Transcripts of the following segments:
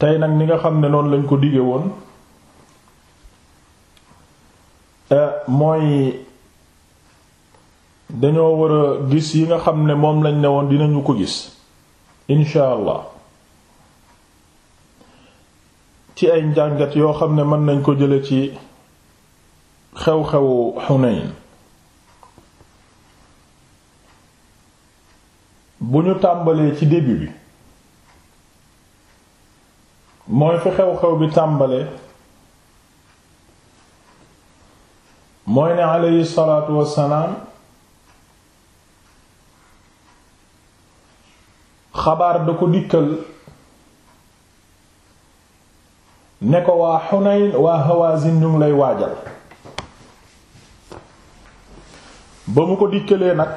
tey nag ni nga xam ne noonu lañ ko dige woon eh, mooy dañoo war a gis yi nga xam ne moom lañ ne woon dinañu ko gis incha ci ay njàngat yoo xam ne mën nañ ko jële ci xew-xewu Xunayn bu ñu tàmbalee ci début bi mooy fi xew-xew bi tàmbalee mooy ne aleyhi salaatu wassalaam xabaar da ko dikkal ne ko waa Xunayn waa Hawazin ñu ngi lay waajal ba mu ko dikkalee nag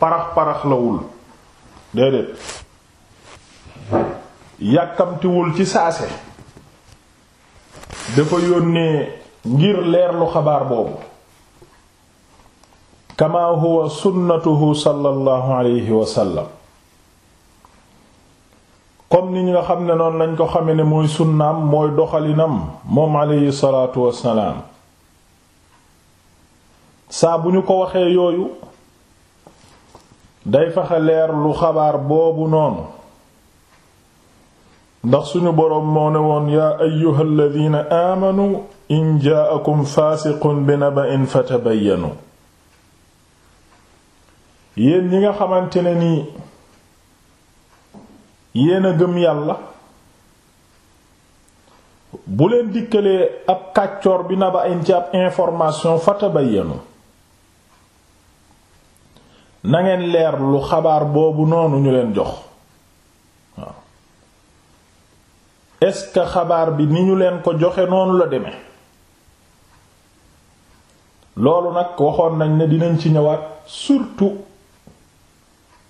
parax parax lawul déedéet yàkkamtiwul ci saase dafa yónnee ngir leerlu xabaar boobu kama huwa sunnatuhu sallallahu alayhi wa comme ni ñu nga xam ne noonu lañ ko xame ne mooy sunnaam mooy doxalinam moom alayhi salaatu wassalaam saa bu ñu ko waxee yooyu day fexe leer lu xabaar boobu noonu ndax suñu boroom moo ne woon yaa ayyuhal ladina aamanu in jaakum faasiqun bi naba'in fatabayyanu yéen ñi nga xamante ne nii yéen a gëm yàlla bu leen dikkalee ab kàccoor bi naba'in ci ab information fatabayyanu na nangeen leer lu xabaar boobu noonu ñu leen jox est-ce que xabaar bi ni ñu leen ko joxe noonu la deme loolu nag waxoon nañ ne dinañ ci ñëwaat surtout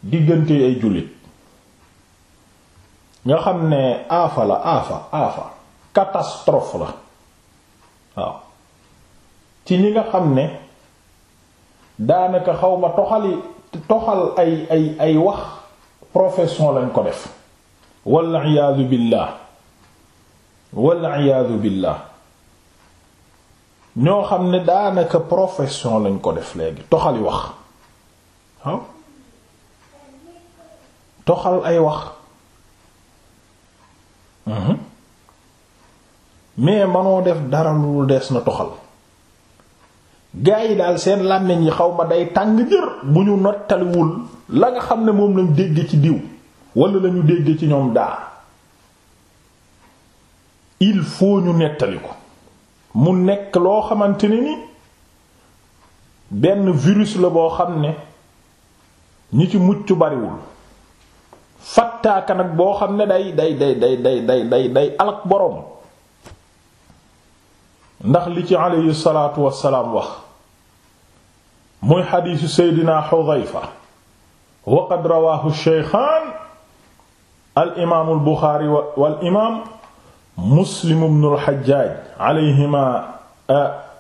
diggante ay jullit nga xam ne aafa la aafa aafa catastrophe la waaw ci ñi nga xam ne daanaka xaw ma toxal ay ay ay wax profession lañ ko def wal iyaadu billah walla iyaadu billaah ñoo xam ne daanaka profession lañ ko def léegi toxali wax toxal ay wax mhm. mais manoo def dara lu des na toxal gaa yi daal seen làmmiñ yi xaw ma day tàng jër bu ñu nottaliwul la nga xam ne moom lañ dégg ci diw wala lañu dégg ci ñoom daa il faut ñu nettali mu nekk loo xamante ne ni benn virus la boo xam ne ñi ci mucc bariwul fattaaka nag boo xam ne day day day day day day day day alak boroom ndax li ci aleyhi salaatu wassalaam wax muy xadiisu seydina xudayfa wa rawaahu sheykhaan al imaamul buxaari wal imaam muslim ibn al-Hajjaj alayhima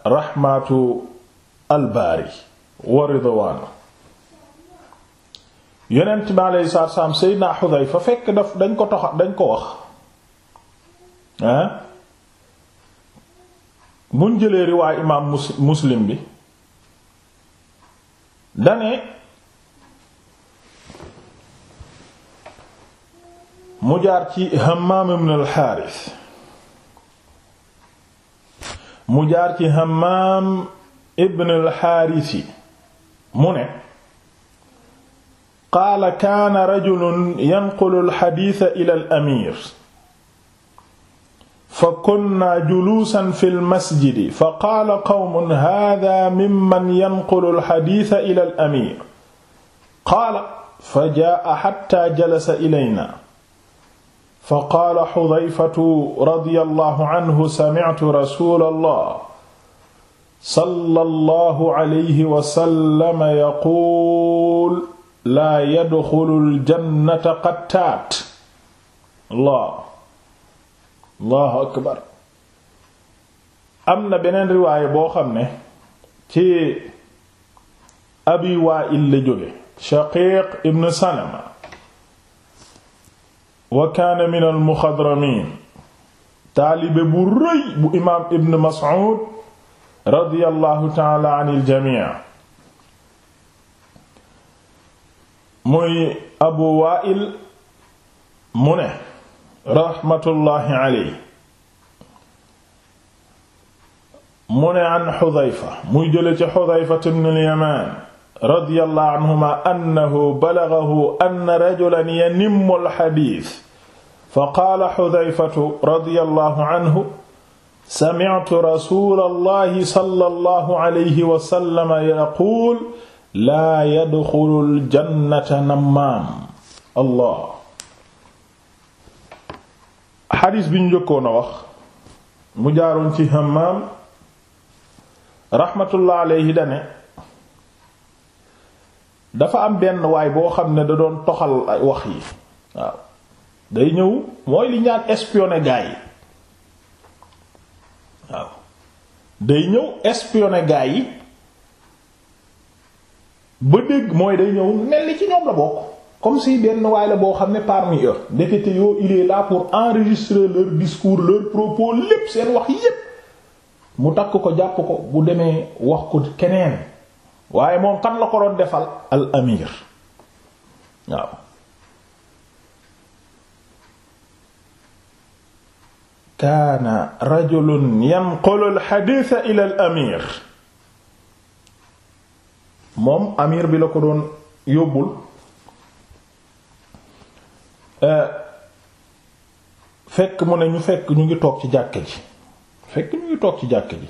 rahmatu wa ridwaanu yonent bi alayhi salaatu wa salaam Seydina Xudayfa fekk daf dañ ko tax dañ ko wax ah buñ jëlee riwaay imaam muslim bi dane mu jaar ci Hammaam ibn al mu jaar ci Hammaam ibn al-Haarisi mu ne qaala kaana rajulun yanqulu al-hadiisa ila al-amiir fa kunnaa juluusan fi al-masjidi fa qaala qawmun haadaa mimman yanqulu al-hadiisa ila al-amiir qaala fa jaa'a hattaa jalasa ilaynaa faqaala xudayfatu radiyallahu anhu sami'tu rasuulallah sallallahu alayhi wa sallam yaquul laa yadxulul jannata qattaat. Allah, Allahu akbar. am na beneen riwaay boo xam ne ci Abi Waa'il la jóge Shaqiiq ibn Salama wa kaana min almuxadramin taalibe bu rëy bu imaam ibn mas'ud radiyallahu taala an iljami muy abu waa'il mu ne raxmatullaahi aley mu ne an xudayfa muy jële ci xudayfa ibn al yamaan radiyallahu anhuma annahu balaghahu anna rajulan yanimmu al-hadith fa qaala Hudhayfatu radiyallahu anhu sami'tu rasulallahi sallallahu alayhi wa sallam yaqul laa yadxulul jannata nammaam allah xadis bi ñu njëkkoon a wax mu jaaroon ci Hammaam rahmatullah alayhi dane dafa am benn waay boo xam ne da doon toxal wax yi waaw day ñëw mooy li ñaan espionner gaay yi waaw day ñëw espionner gaay yi ba dégg mooy day ñëw mel ni ci ñoom la bokk comme si benn waay la boo xam ne parmi eux ndekete yoo il est là pour enregistrer leur discours leur propos lépp seen wax yépp mu takk ko jàpp ko bu demee wax ko keneen waaye moom kan la ko doon defal al amir waaw kaana rajulun yanqulu al hadith ila al amir moom amir bi la ko doon yóbbul eh, fekk mu ne ñu fekk ñu ngi toog ci jàkk ji fekk ñu ngi toog ci jàkk ji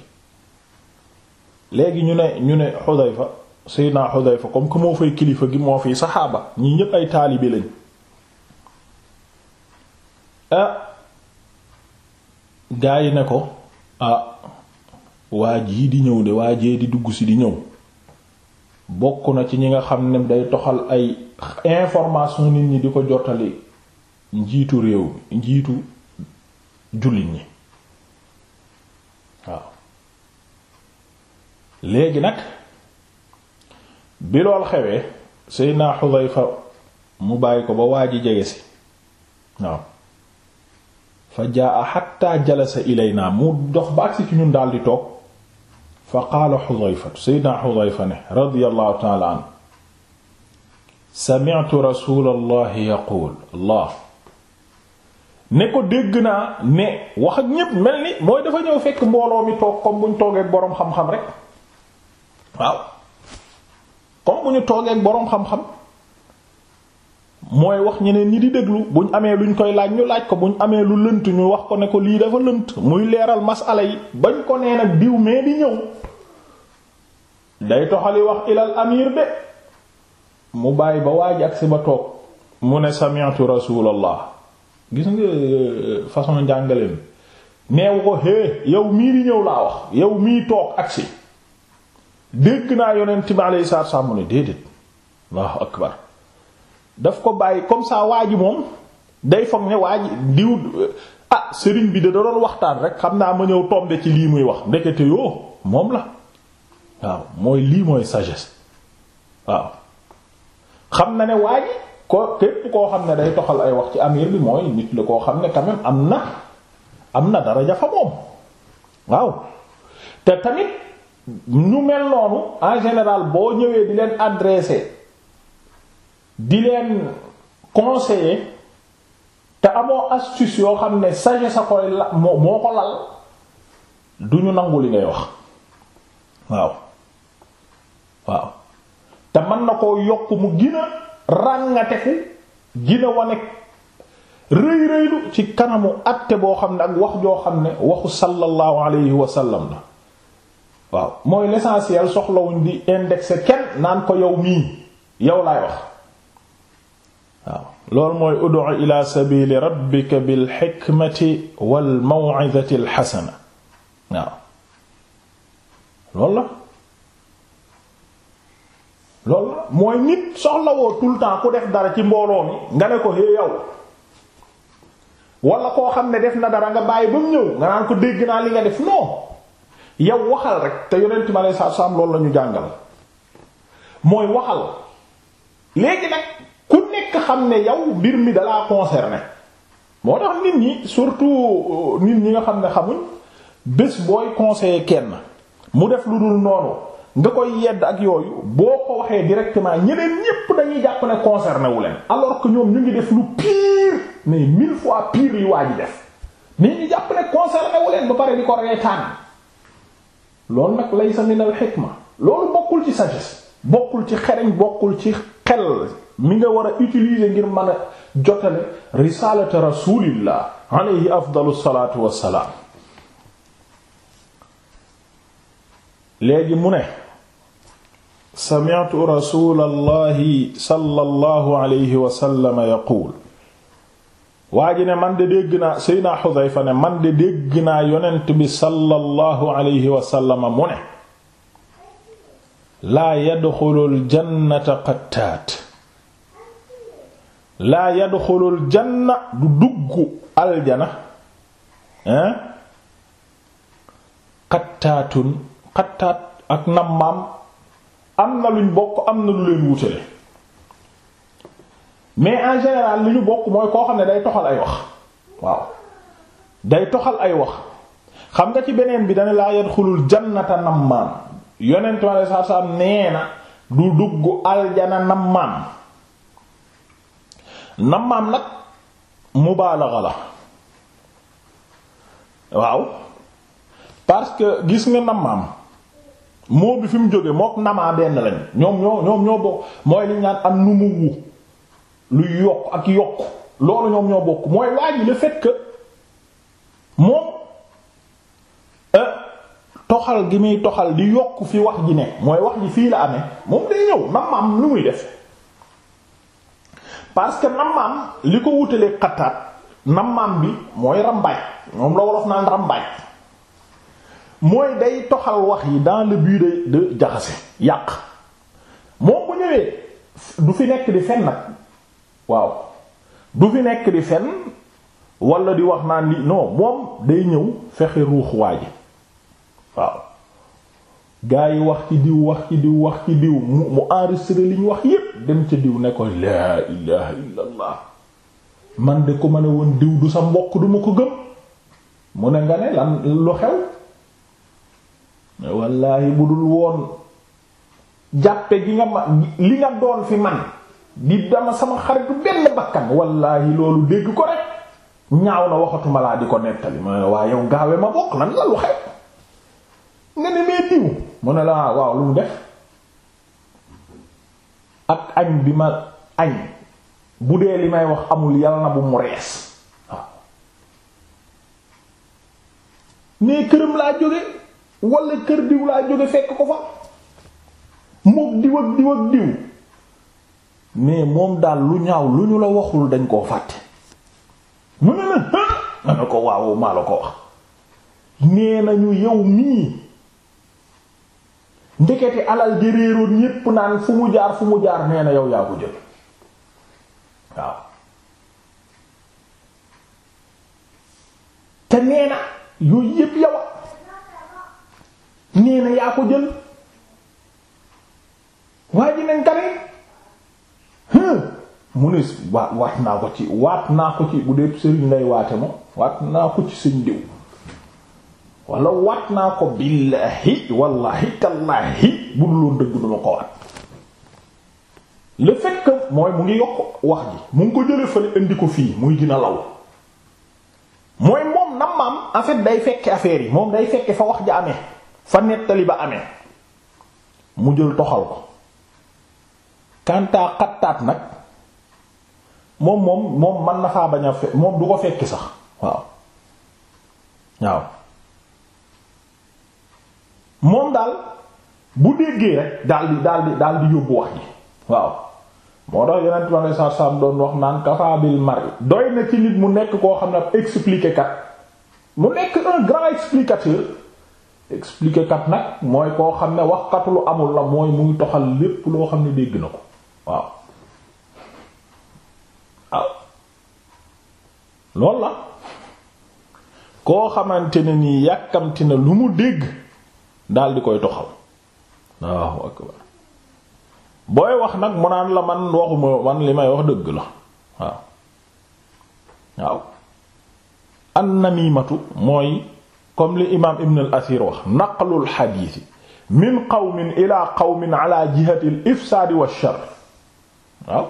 léegi ñu ne ñu ne Xudayfa Seydina Xudayfa comme que moo fay kilifa gi moo fiy saxaaba ñi ñépp ay taalibe lañ ah gaa yi ne ko ah waa jii di ñëw de waa jee di dugg si di ñëw bokk na ci ñi nga xam ne day toxal ay information nit ñi di ko jottali njiitu réew njiitu jullit ñi waaw léegi nag bi lool xewee Seydina Xudayfa mu bàyyi ko ba waa ji jege si waaw fa jaa xatta jalasa ilayna mu dox ba agsi ci ñun daal di toog fa qaala Xudayfa Seydina Xudayfa ne radiyallahu ta'ala anhu sami'tu rasulallahi yaqul allah ne ko dégg naa ne wax ak ñépp mel ni mooy dafa ñëw fekk mbooloo mi toog comme buñ toogee boroom xam-xam rek waaw comme bu ñu toogee ak boroom xam-xam mooy wax ñeneen ñi di déglu buñ amee luñ koy laaj ñu laaj ko buñ amee lu lënt ñu wax ko ne ko lii dafa lënt muy leeral masala yi bañ ko nee nag diw mais di ñëw day toxali wax ilal amir de mu bàyyi ba waaj ak si ba toog mu ne sami'tu rasulallah gis nga façon njàngaleen neewu ko hé yow mii di ñëw laa wax yow mii toog agsi dégg naa yonent bi alayhi salaatu salaam mu ne déedéet akk akbar daf ko bàyyi comme ça waa moom day foog ne waa ji diw ah sëriñ bi da doon waxtaan rek xam naa ma ñëw tombe ci lii muy wax ndekete yoo moom la waaw mooy lii mooy sagesse waaw xam na ne waa ko képp koo xam ne day toxal ay wax ci amir bi mooy nit la koo xam ne quand am na am na daraja fa moom waaw te tamit ñu mel noonu en général boo ñëwee di leen adresser di leen conseiller te amoo astuce yoo xam ne sage sa koy la moo ko lal du ñu nangu li ngay wax waaw waaw te mën na ko yokk mu gina ràngateku gina wane rëy rëylu ci kanamu àtte boo xam ne ak wax joo xam ne waxu sallallahu alayhi wa sallam la waaw mooy l'essentiel soxlawuñ di indexer kenn naan ko yow mii yow laay wax waaw loolu mooy ud'u ila sabili rabbika bil hikmati wal maw'izati al hasana waaw loolu la loolu la mooy nit soxlawoo tout le temps ku def dara ci mbooloo mi nga ne ko hé yow wala koo xam ne def na dara nga bàyyi ba mu ñëw nga naan ko dégg naa li nga def non yow waxal rek te yonent mi aleyhi salaatu salaam loolu la ñu jàngal mooy waxal léegi nag ku nekk xam ne yow mbir mi dalaa concerné moo tax nit ñi surtout euh, nit ñi nga xam ne xamuñ bés booy conseiller kenn mu def lu dul noonu nga koy yedd ak yooyu boo ko waxee directement ñeneen ñépp dañuy jàpp ne concerné wu leen alors que ñoom ñu ngi def lu pire mais mille fois pire li waa ji def mais ñu jàpp ne concerné leen ba pare di ko reetaan loolu nag laysa min al xikma loolu bokkul ci sagesse bokkul ci xereñ bokkul ci xel mi nga war a utiliser ngir mën a jotale risalata rasulillah alayhi afdalu salatu wassalaam léegi mu ne sami'tu rasulallahi sallallahu alayhi wa sallam yaqul waa ji man de dégg naa Seydina Xudayfa ne man de dégg naa yonent bi sallallahu alayhi wa sallama mu ne laa yadxulul jannata qattaat laa yadxulul janna du dugg aljana hein qattaatun qattaat ak nammam am na luñ bokk am na lu leen wutale mais en général li ñu bokk mooy koo xam ne day toxal ay wax waaw day toxal ay wax xam nga ci beneen bi dana laa yadxulul jannata nammaan yonent mi aleyhi salaatu salaam nee na du dugg aljana nammaan nammaan nag mubaalaxa la waaw parce que gis nga nammaam moo bi fi mu jóge mook namaa benn lañ ñoom ñoo ñoom ñoo bokk mooy li ñu am nu mu wu lu yokk ak yokk loolu ñoom ñoo bokk mooy waa ji le fait moom euh, toxal gi muy toxal di yokk fi wax ji ne mooy wax ji fii la amee moom day ñëw nam am lu muy def parce que nam li ko wutalee xattaat nam bi mooy rambaaj moom la wolof naan rambaaj mooy day toxal wax yi dans le but de jaxase yàq moom bu ñëwee du fi nekk di fen nag waaw du fi nekk di fen wala di wax naan li non moom day ñëw fexe ruux waaji waaw gaa yi wax ci diw wax ci diw wax ci diw mu mu enregistré li ñu wax yépp dem ca diw ne ko laa ilaha illa man de ko ma ne woon diw du sa mbokk duma ko gëm mu ne nga ne lu xew wallaahi bu dul woon jàppe gi nga ma li nga doon fi man di dama sama xaritu benn bakkan wallaahi loolu dégg ko rek ñaaw na waxatuma laa di ko nettali mu ne la waaw lu mu def ak añ bi ma añ bu dee li may wax amul yàlla na bu mu rees waaw mais këram laa jóge wala kër diw laa jóge fekk ko fa mook diw ak diw ak diw mais moom daal lu ñaaw lu ñu la waxul dañ koo fàtte mu ne la ah! ma ko waaw maa la ko wax nee nañu yow mii ndekete alal di réeroon ñépp naan fu mu jaar fu mu jaar nee na yow yaa ko jël waaw te waa ji nañ tamit mu ne waa waat naa ko ci waat naa ko ci bu dee sëriñ lay waate moom waat naa ko ci sëñ diw wala waat naa ko billaahi wallaahi tallaahi bu dul woon dëgg duma ko waat le fait mooy mu ngi yokk wax ji mu ngi ko jële fële indi ko fii muy dina law mooy moom nam maam en day fekke affaire yi moom day fekke fa wax ja amee fa nettali ba amee mu jël toxal ko kantaa xattaat nag moom moom man na faa bañ a fekk moom du ko fekki sax waaw waaw moom daal bu déggee rek daal di daal di daal di yóbbu wax ji waaw moo tax yonent bi alei satu salaam doon wax naan kafabil mari doy na ci nit mu nekk koo xam ne ab expliquer kat mu nekk un grand kat nag mooy koo xam ne waxkat lu amul la mooy muy toxal lépp loo xam ne dégg na ko waaw waaw ah. loolu la koo xamante ne nii yàkkamti na lu mu dégg daal di koy toxal booy wax nag mu naan la man waxuma man li may wax dëgg la waaw waaw annamimatu mooy comme li imaam ibn al wax naqlul xadiisi min qawmin ila qawmin ala jihati al ifsaadi wa shar waaw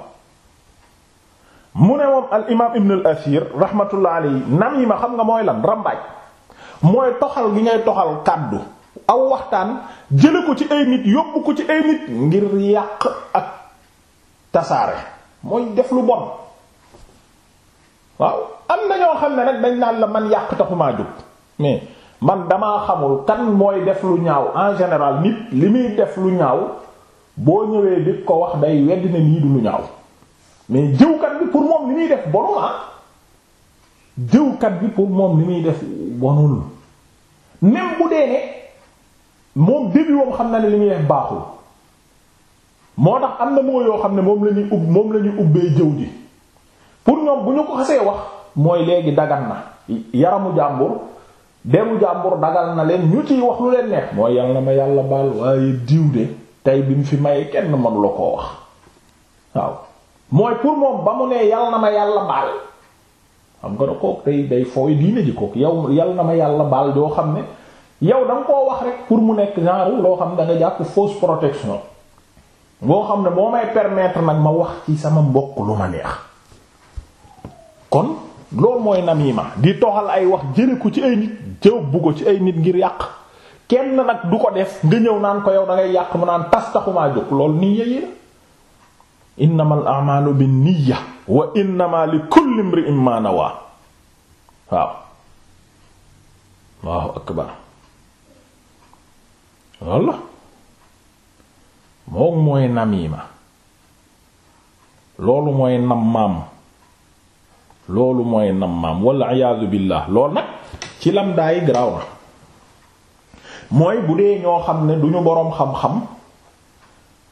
mu ne moom al imaam ibn al asir rahmatullah alayhi namima xam nga mooy lan rambaaj mooy toxal gi ngay toxal kàddu aw waxtaan jële ko ci ay nit yóbbu ko ci ay nit ngir yàq ak tasaare mooy def lu bon waaw am na ñoo xam ne nag dañ naan la man yàq taxumaa jóg mais man damaa xamul kan mooy def lu ñaaw en général nit li muy def lu ñaaw boo ñëwee bi ko wax day wedd na lii du lu ñaaw mais jëwkat bi pour moom li muy def bonul ah. jëwkat bi pour moom li muy def bonul même bu dee ne moom début woom xam na ne li muy def baaxul moo tax am na moo yoo xam ne moom lañuy moom la ñuy ubbee jëw ji pour ñoom bu ñu ko xasee wax mooy léegi dagan na yaramu jàmbur demu jàmbur dagal na leen ñu ci wax lu leen neex mooy yàlla ma yàlla baal waaye diw de tey bi mu fi maye kenn mënu la koo wax waaw mooy pour moom ba mu nee yal na ma yàlla baal xam nga ne kooku day day fooy diine ji kooku yow yal na ma yàlla baal doo xam ne yow da koo wax rek pour mu nekk genre loo xam ne da nga jàpp fausse boo xam ne moo may permettre nag ma wax ci sama mbokk lu ma neex kon loolu mooy ma di toxal ay wax jële ko ci ay nit jëw bu ko ci ay nit ngir yàq kenn nag du ko def nga ñëw naan ko yow da ngay yàq mu naan tas taxumaa jóg loolu niyya yi la innamal a'malu binniyya wa innama li kulli imri'in ma waaw Allahu akbar mooy namima loolu mooy nammaam loolu walla iyaadu billaah loolu nag ci lam daay na mooy bu dee ñoo xam ne duñu ñu boroom xam-xam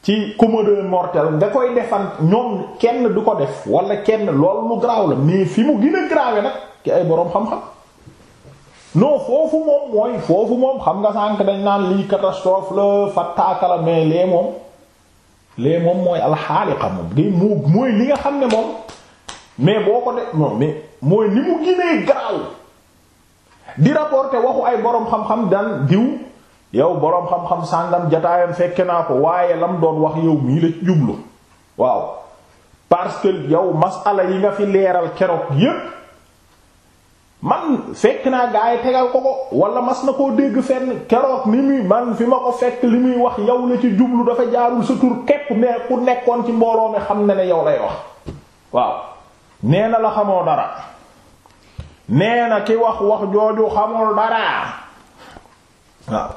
ci commode mortel nga koy defan ñoom kenn du ko def wala kenn lool mu garaaw la mais fi mu gën a graawe nag ki ay boroom xam-xam non foofu moom mooy foofu moom xam nga sànk dañ naan lii catastrophe la fattaaka la mais lee moom lee moom mooy alxaaliqa moom day moo nga xam ne moom mais boo ko def non mais mooy ni mu gënee garaaw di rapporter waxu ay boroom xam-xam daan diw yow boroom xam-xam sàngam jataayam fekke naa ko waaye lam doon wax yow mii la jublu waaw parce que yow masala yi nga fi leeral keroog yépp man fekk naa gaa yi tegal ko ko wala mas na koo dégg fenn keroog ni muy man fi ma ko fekk li muy wax yow la ci jublu dafa jaarul sa tur képp mais ku nekkoon ci mbooloo mi xam na ne yow lay wax waaw nee na la xamoo dara nee na ki wax wax jooju xamul dara waaw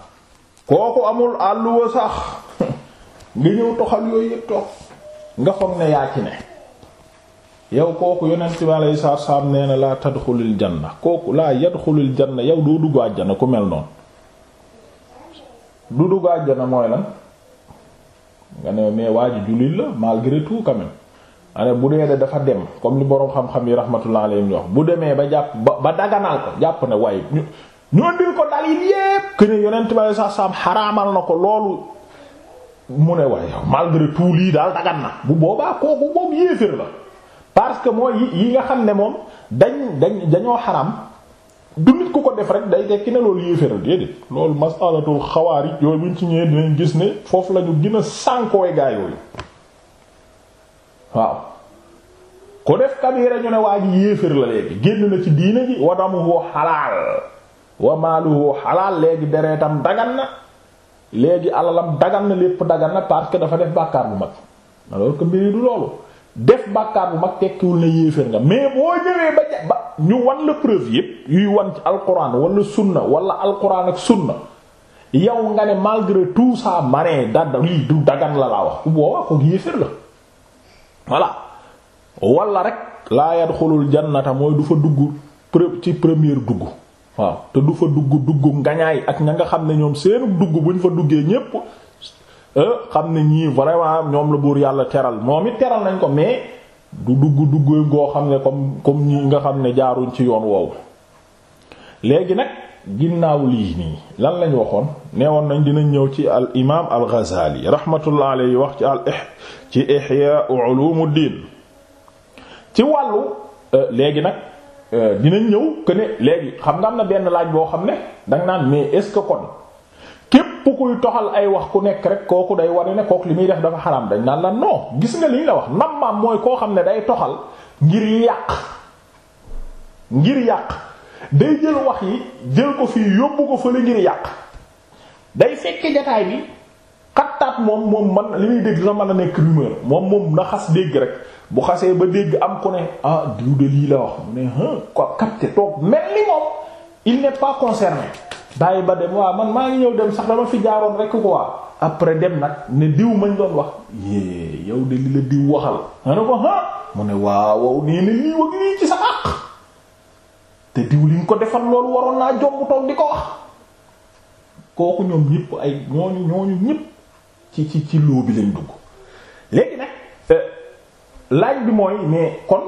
kooku amul àlluwa sax nga ñëw toxal yooyu yëpp nga foog ne yaa ci ne yow kooku yonent bi alayhi salaatu salaam nee na laa tadxulul janna kooku laa yadxulul janna yow doo dugg àjjana ku mel noonu du dugg àjjana mooy la nga ne mais waa ji jullit la malgré tout ane bu dee de dafa dem comme li boroom xam-xam yi rahmatullah alayhim wax bu demee ba jàpp ba ba daganal ko jàpp ne waaye ñu ñoondil ko dalil yépp que ne yonent bi saa saam na ko loolu mu ne waaye malgré tout lii daal dagan na bu boobaa kooku moom yéefér la parce que mooy yi nga xam ne moom dañ dañ dañoo xaraam du nit ku ko def rek day tekki ne loolu yéefér la déedéet loolu masalatul xawaarij yooyu buñ ci ñëwee dinañ gis ni foofu la ñu gën a sànkooy gaa waaw ku def kabira ñu ne waa ji yéefér la léegi génn na ci diine ji wa damuhu xalaal wa maaluhu xalaal léegi deretam dagan na léegi alalam dagan na lépp dagan na parce que dafa def bàkkaar bu mag alors que mbiri du loolu def bàkkaar bu mag tekkiwul ne yéeféer nga mais boo ñëwee ba ja ba ñu wan la preuve yépp yuy wan ci alquran wala sunna wala alquran ak sunna yow nga ne malgré tout ça ma ne da du dagan la laa wax bu boobaa ko voilà walla rek laa yadxulul jannata mooy du fa dugg pre ci première dugg waaw te du fa dugg dugg ngañaay ak ña nga xam ne ñoom seen dugg bu ñu fa duggee ñépp euh, xam ne ñii vraiment ñoom la buur yàlla teral moom it teral nañ ko mais du dugg dugg goo xam ne comme comme ñi nga xam ne jaaruñ ci yoon woowu léegi nag ginnaaw lii nii lan lañ waxoon neewoon nañ dinañ ñëw ci al imaam al Ghazali rahmatullah alayhi wax ci al ci Ihya Ulumuddin ci wàllu euh, léegi nag euh, dinañ ñëw que ne léegi xam nga am na benn laaj boo xam ne danga naan mais est-ce que kon képp kuy toxal ay wax ku nekk rek kooku day war ne kook li muy def dafa xaraam dañ naan la non gis nga li ñu la wax nammaam mooy koo xam ne day toxal ngir yàq ngir yàq. day jël wax yi jël ko fii yóbbu ko fële ngir yàq day fekke jataay bi xattaat moom moom man li muy dégg dina mën a nekk rumeur moom moom na xas dégg rek bu xasee ba dégg am ku ne ah diw de lii la wax mu ne ko capté toog mel ni moom il n'est pas concerné bàyyi ba dem waa man maa ngi ñëw dem sax dama fi jaaroon rekk ko quoi après dem nag ne diw mañ doon wax yée yow de li la diw waxal nga ne ko ah mu ne waaw wow nee na lii wag lii ci sax te diw liñ ko defal loolu waroon naa jomb toog di ko wax kooku ñoom ñëpp ay ñooñu ñooñu ñëpp ci ci ci loo bi lañ dugg léegi nag euh, laaj bi mooy ne kon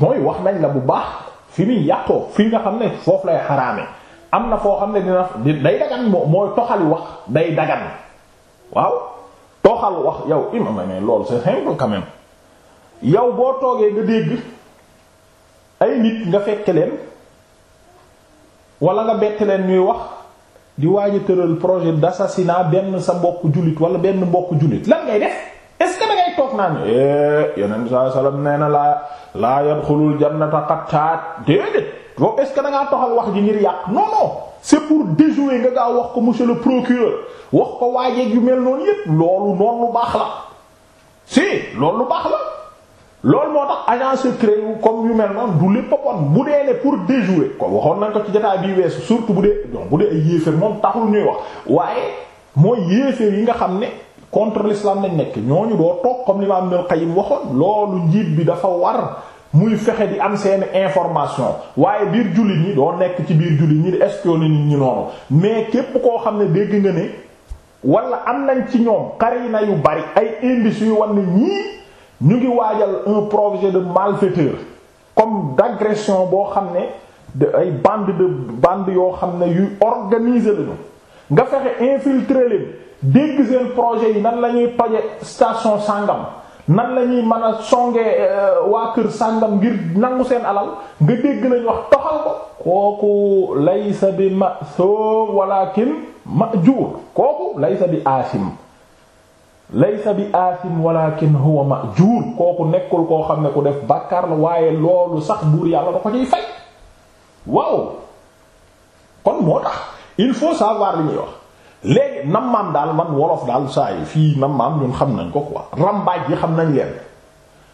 mooy wax nañ la bu baax fi muy yàqoo fii nga xam ne foofu lay xaraame am na foo xam ne dina day dagan mooy toxali wax day dagan waaw toxal wax yow imam ne loolu c'est simple quand même yow boo toogee nga dégg ay nit nga fekke leen wala nga bett leen ñuy wax di waaj a tëral projet d'assassinat benn sa mbokk jullit wala benn mbokk jullit lan ngay def est-ce que toog naan eh, yeneen saa na laa laa yadxulul jannata qattaat déedéet boobu est-ce que da ngaa toxal wax ji ngir yàq non c'est pour déjouer nga gaa wax ko monsieur le procureur wax ko waajeeg yu mel noonu yépp loolu noonu baax la si loolu baax la. loolu moo tax agent secret yu comme yu mel noonu du lépp a bu dee ne pour déjouer ko waxoon nañ ko ci jotaay bii weesu surtout bu dee donc bu dee ay yéeféer moom taxul ñuy wax waaye mooy yéeféer yi nga xam ne contre l'islam nañ nekk ñooñu doo toog comme l'imam Ibn Qayyim waxoon loolu njiit bi dafa war muy fexe di am seen information waaye biir jullit ñi doo nekk ci biir jullit ñi di espionner nit ñi noonu mais képp koo xam ne dégg nga ne wala am nañ ci ñoom xarina yu bari ay indices yu wan ne ñu ngi waajal un projet de malfaiteur comme d'agression boo xam ne de ay bande de bande yoo xam ne yuy organiser lañu nga fexe infiltrer leen dégg seen projet yi nan lañuy ñuy toje station sàngam nan la ñuy mën a songe euh, waa kër sàngam ngir nangu seen alal nga dégg nañ wax toxal ko kooku laysa bi ma'sum walakin ma'jur kooku sa bi aasim laysa bi aasim walakin huwa ma'juur kooku nekkul koo xam ne ku def bàkkaar la waaye loolu sax buur yàlla da ko ciy fay waaw kon moo tax il faut savoir li ñuy wax léegi nammaam daal man wolof daal saa yi fii nammaam ñun xam nañ ko quoi rambaaj yi xam nañ leen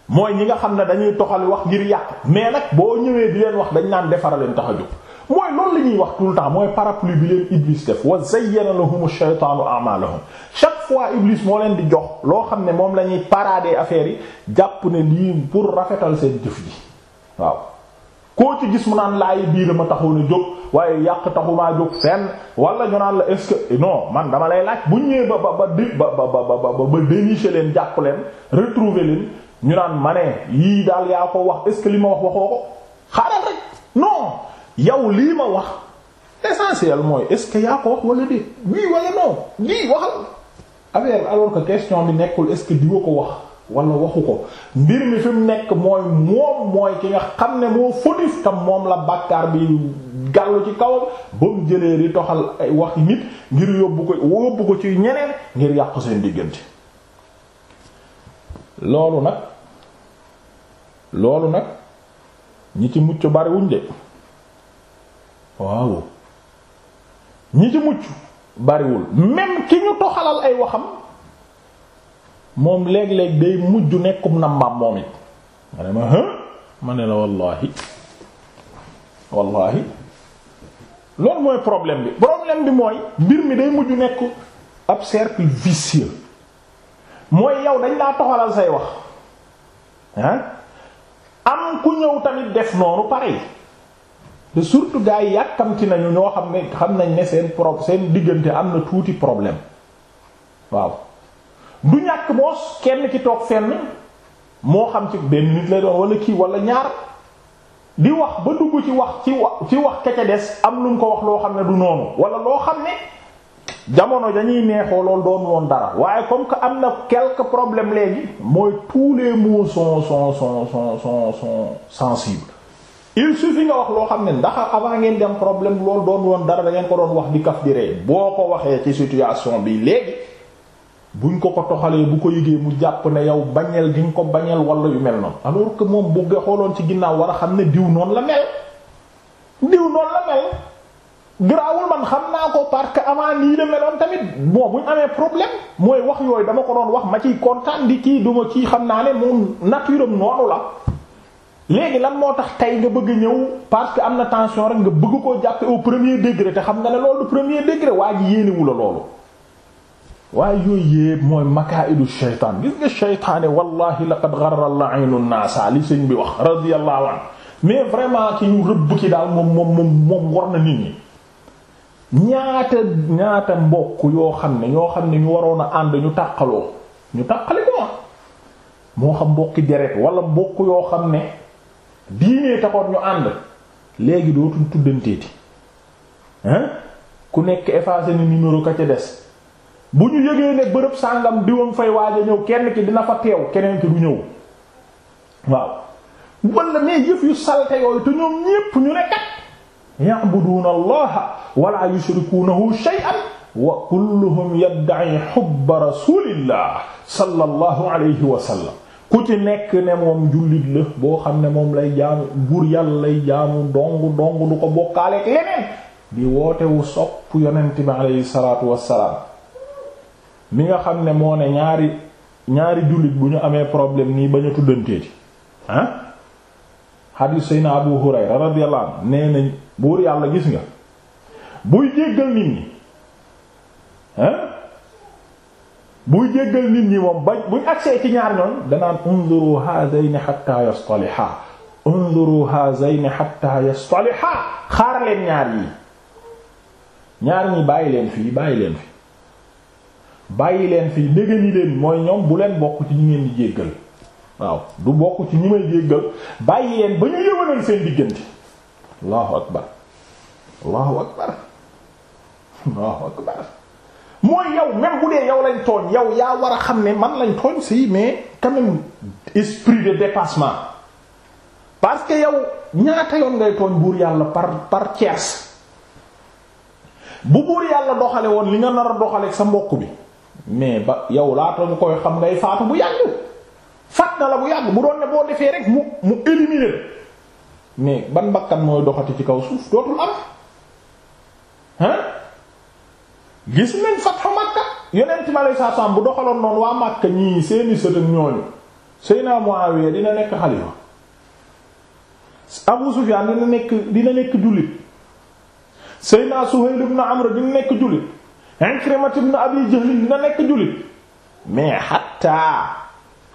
mooy ñi nga xam ne dañuy toxali wax ngir yàq mais nag boo ñëwee di leen wax dañ naan defaraleen tax a jóg mooy loolu la ñuy wax tout le temps mooy parapluie bi leen Iblis def wa zayyana lahumu shaytaanu a'maalahum chaque fois Iblis moo leen di jox loo xam ne moom la ñuy parader affaire yi jàpp ne lii pour rafetal seen jëf ji waaw. koo ci gis mu naan laay biir ma taxoon a jóg waaye yàq taxumaa jóg fenn wala ñu naan la est-ce man dama lay laaj bu ñëwee ba ba ba ba ba ba ba leen jàpp leen retrouver leen ñu naan ma ne yii daal yaa ko wax est-ce que li ma wax waxoo ko xaaral yow lii ma wax l'essentiel mooy est-ce que yaa ko wax wala déet oui wala non lii waxal affaire alors que question bi nekkul est-ce que ko wax wala waxu ko mbir mi fi mu nekk mooy moom mooy ki nga xam ne moo fautif tam moom la bàkkaar bi gàllu ci kaw ba mu jëlee di ay waxi nit ngir yóbbu ko yóbbu ko ci ñeneen ngir yàqu seen diggante loolu nag loolu nag ñi ci mucc bariwuñ de waaw ñi ci mucc bariwul même ki ñu toxalal ay waxam moom léeg-léeg day mujj nekkum na mbaam moom it ma ne ma ma ne la wallaahi wallaahi loolu mooy problème bi problème bi mooy mbir mi day mujj nekk ab cercle vicieux mooy yow dañ laa toxalal say wax ah am ku ñëw tamit def noonu pareil te surtout gars yi yàkkamti nañu ñoo xam ne xam nañ ne seen pro seen diggante am na tuuti problème waaw du ñàkk moos kenn ki toog fenn moo xam ci benn nit lay doon wala kii wala ñaar di wax ba dugg ci wax ci wax ci wax ka des am luñ ko wax loo xam ne du noonu wala loo xam ne jamono dañuy neexoo loolu doon woon dara waaye comme que am na quelques problème léegi mooy tous les son son sont son sont sont sensibles il suffit nga wax loo xam ne ndax avant ngeen dem problème loolu doon woon dara da ngeen ko doon wax di kaf di ree boo ko waxee ci situation bi léegi buñ ko ko toxalee bu ko yëgee mu jàpp ne yow bañeel gi nga ko bañeel wala yu mel noonu alors que moom nga xooloon ci ginnaaw war a xam ne diw noonu la mel diw noonu la mel garaawul man xam naa ko parce que avant nii la meloon tamit bon buñ amee problème mooy wax yooyu dama ko doon wax ma ciy kontaan di kii duma ci xam naa ne moom nature am noonu léegi lan moo tax tey nga bëgg ñëw parce que am na tension rek nga bëgg koo jàppe au premier degré te xam nga ne loolu du premier degré waa ji yéenewula loolu waaye yooyu yépp mooy makaa'idu shaytaan gis nga shaytaane la laqad gharra al-la'inu an-naasa li sëñ bi wax radiyallahu anhu mais vraiment ki ñu rëbb ki daal moom moom moom moom war na nit ñi ñaata ñaata mbokk yoo xam ne ñoo xam ne ñu waroon a ànd ñu tàqaloo ñu tàqali ko moo xam mbokki wala mbokk yoo xam ne diinee taxoon ñu ànd léegi dootuñ tuddanteeti hein ku nekk effacé ni numéro ka ca des bu ñu yëgee ne bërëb sàngam diwam fay waaja ñëw kenn ki dina fa teew keneen ki du ñëw waaw wala ne yëf yu salte yooyu te ñoom ñépp ñu ne kat ya'buduna allaha wala yushrikunahu shay'an wa kulluhum yadda'i hubba rasulillah sallallahu alayhi wa ku ci nekk ne moom jullit la boo xam ne moom lay jaamu buur yàlla lay jaamu dong dong du ko bokkaale leneen di wootewu sopp yonent bi aleyhi wassalaam mi nga xam ne moo ne ñaari ñaari jullit bu ñu amee problème nii bañ a tuddanteeti ah xadiis sayna Abu Hurayra radiyallahu nee nañ buur yàlla gis nga buy jéggal nit ñi ah buy jéggal nit ñi moom ba buñ agsee ci ñaar ñoon danaan unzuru haazayni hatta yastaliha unzuru haazayni hatta yastaliha xaar leen ñaar yi ñaar ñi bàyyi leen fii bàyyi leen fi bàyyi leen fii ndégani leen mooy ñoom bu leen bokk ci ñi ngeen di jéggal waaw du bokk ci ñi may jéggal bàyyi leen ba ñu yëwanal seen diggante allahu akbar allahu akbar allahu mooy yow même bu dee yow lañ tooñ yow yaa war a xam ne man lañ tooñ si mais tamit même esprit de dépassement parce que yow ñaata yoon ngay tooñ buur yàlla par par tiers bu buur yàlla doxale woon li nga nar a doxale sa mbokk bi mais ba yow laata nga koy xam ngay faatu bu yàgg fat na la bu yàgg bu doon ne boo defee rek mu mu éliminer mais ban bakkan mooy doxati ci kaw suuf dootul am gis nañ fatxu makka yonent mi aleyhi salaatu bu doxaloon noonu waa makka ñii seeni sët ñooñu Seydina Muawiya dina nekk xalifa Abu Sufyaan dina nekk dina nekk jullit Seydina Suhayl ibn Amr dina nekk jullit Ikrimah ibn Abi Jahl dina nekk jullit mais xatta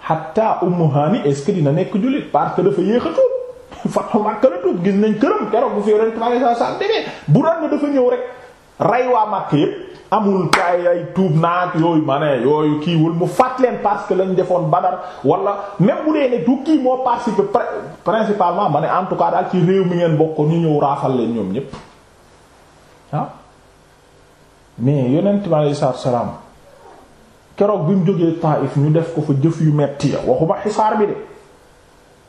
xatta Ummu Haani est dina nekk jullit parce que dafa yéex a tuub fatxu gis nañ këram keroog bu fi yonent mi aleyhi demee bu daan dafa ñëw rek rey waa makka yépp amul kaay ay tuub naag yooyu ma ne yooyu kiiwul mu fàtt leen parce que lañ defoon badar wala même bu dee ne du kii moo participé principalement ma ne en tout cas daal ci réew mi ngeen bokk ñu ñëw raafal leen ñoom ñépp waaw ah. mais yonent bi aleyhi salaatu salaam keroog bi mu jógee Taif ñu def ko fa jëf yu metti ya waxuma xisaar bi de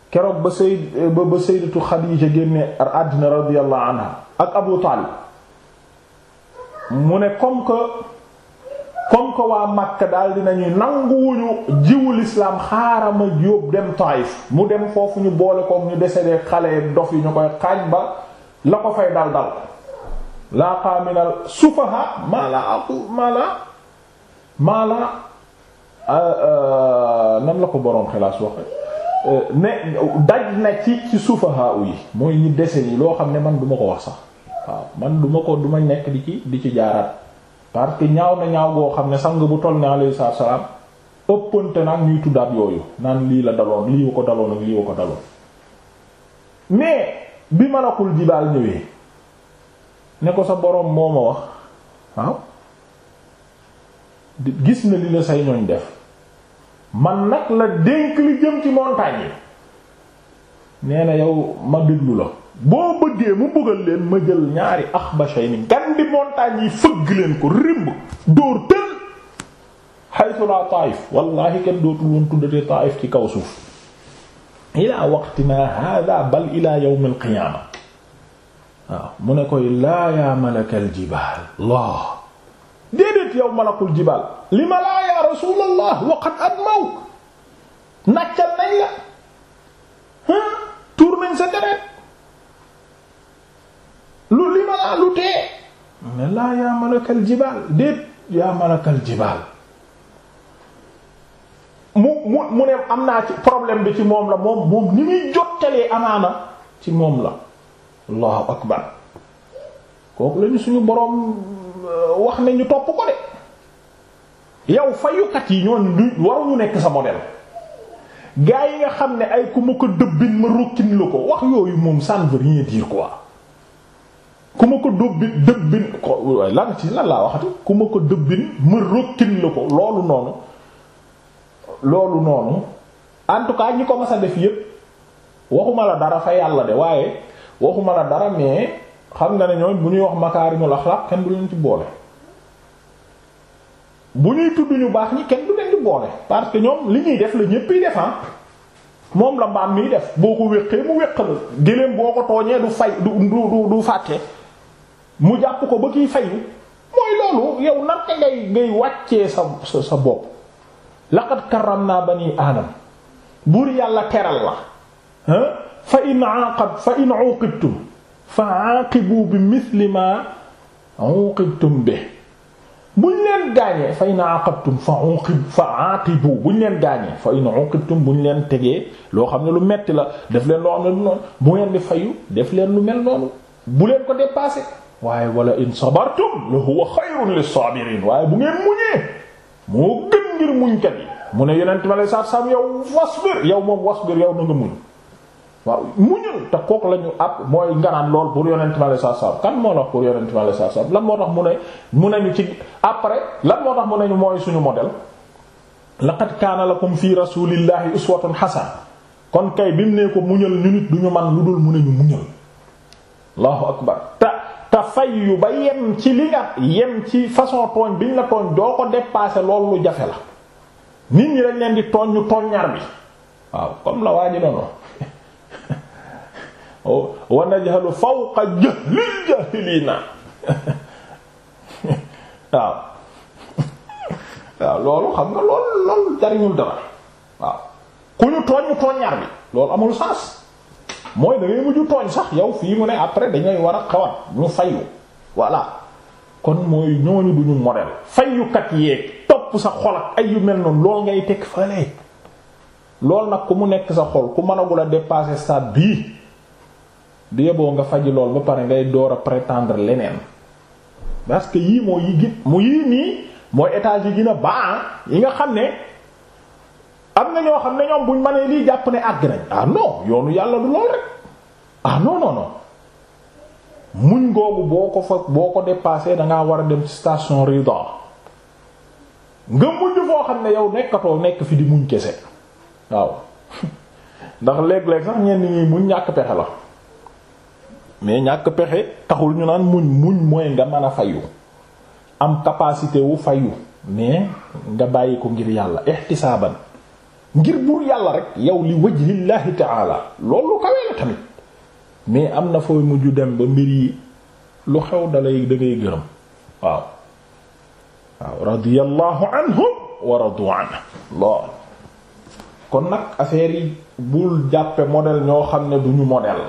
keroog ba Sayyid ba Sayyidatu Xadiija génne àddina radiyallahu anha ak Abu Taalib mu ne comme que comme que waa Makka daal dinañuy nanguwuñu jiwu lislaam xaaral ma yóbbu dem Taayif mu dem foofu ñu boole koog ñu desedee xale dof yi ñu koy xaaj ba la ko fay dal dal laa xaaminal sufaha maa la aqu maa euh, euh, nan la ko boroom xilaas waxe euh, ne daj na ci ci sufaha yi mooy ñi dese yi loo xam ne man duma ko wax sax waaw man du ma ko du ma nekk di ci di ci jaaraat parce que ñaaw na ñaaw goo xam ne sang bu toll ne alayhi salaam ëppante nag ñuy tuddaat yooyu naan lii la daloon lii wa ko daloon ak lii wa ko daloon mais bi malakul jibaal ñëwee ne ko sa boroom moo ma wax waaw gis na li la say ñooñ def man nag la dénk li jëm ci montagne yi nee na yow ma déglu la boo bëggee mu bëggal leen ma jël ñaari axbashay ni gan di montagne yi fëgg leen ko rimb dóor tël haytu la taif wallahi kenn dootul woon tuddate taif ci kaw suuf ila waqtina hada bal ila yawm al qiyaama mu ne koy laa yaa malakal jibaal laa déedéet yow malakul jibaal li ma laa yaa rasuulallah waqad admaw nàccal nañ la tour nañ sa lu li ma laa lu tee ne laa yaa malakal jibaal déet yaa malakal jibaal mu mu mu ne am naa ci problème bi ci moom la moom moom ni muy jottalee amaana ci moom la allahu akbar kooku lañu suñu boroom euh, wax ne ñu topp ko de yow fayukat yi ñoon du waruñu nekk sa modèle gaa yi nga xam ne ay ku ma ko dëbbin ma rokkin la ko wax yooyu moom ça ne veut rien dire quoi ku ma ko dóbbi dëbbin ko lan ci lan laa waxati ku ma ko dëbbin ma rokkin la ko loolu noonu loolu noonu en tout cas ñi ko mas a def yépp waxuma la dara fa yàlla de waaye waxuma la dara mais xam nga ne ñooñ bu ñuy wax makaarimul axlaaq kenn du leen ci boole bu ñuy tudd ñu baax ñi kenn du leen di boole parce que ñoom li ñuy def la ñéppi def ah moom la mbaam mi def boo ko wéqee mu wéq la géléem boo ko tooñee du fay du du du fàtte mu jàpp ko ba kiy fayu mooy loolu yow nan te ngay ngay wàccee sa sa bopp laqad karramna bani aadam buur yàlla teral la fa in aqab fa in uqibtum fa aqibu bi mithli ma uqibtum bi buñ leen gaañee fa in aqabtum fa uqib buñ leen gaañee fa in bu ñu leen tegee loo xam ne lu metti la def leen loo xam ne lu noonu bu ngeen di fayu def leen lu mel noonu bu leen ko dépasser waaye wala in sabartum la huwa xayrun lis-saabiriin waaye bu ngeen muñee moo gën ngir muñkat yi mu ne yonent ma lay saar saam yow wasbir yow moom wasbir yow na nga muñ waaw te kook lañu ab mooy nganaan lool pour yonent ma lay saar kan moo tax pour yonent ma lay lan moo tax mu ne mu nañu ci après lan moo tax mu nañu mooy suñu modèle laqad kaana lakum fi rasulillahi uswatun hasana kon kay bi mu ne ko muñal ñu nit duñu man lu dul mu ne ñu muñal allahu akbar te fay yu ba yem ci li nga yem ci façon tooñ biñ la tooñ doo ko dépasser loolu lu jafe la nit ñi dañ leen di tooñ ñu tooñ ñaar bi waaw comme la waa ji noonu oh, wa najhalu fawqa jahlil jahilina waaw waaw loolu xam nga loolu loolu jariñul dara waaw ku ñu tooñ ñu tooñ ñaar bi loolu amul sens mooy da ngay mujju tooñ sax yow fii mu ne après dañuy war a xawat ñu fayu voilà kon mooy ñooñu duñu modèle fayukat yee topp sa xol ak ay yu mel noonu lool ngay teg fale lool nag ku mu nekk sa xol ku mënagul a dépasser stade bii di yeboo nga faji lool ba pare ngay door a prétendre leneen parce que yii moo yi gën mu yii nii mooy étage yi gën a baax yi nga xam ne am na xam ne ñoom buñ mënee lii jàpp ne àgg nañ ah non yoonu yàlla du lool rek ah non non non muñ googu boo ko fa boo ko dépassé dangaa war a dem ci station Rida nga muñ foo xam ne yow nekkatoo nekk fi di muñ kese waaw ndax léeg-léeg sax ñenn ñi muñ ñàkk pexe la mais ñàkk pexe taxul ñu naan muñ muñ mooy nga mën fayu am capacité wu fayu mais nga bàyyi ko ngir yàlla ihtisaban ngir buur yàlla rek yow li wajhillahi ta'ala loolu kawee la tamit mais am na fooy mujj dem ba mbir yi lu xew dalay da gërëm waaw waaw radiyallahu anhum wa radu lool kon nag affaire yi bul jàppe modèle ñoo xam ne duñu modèle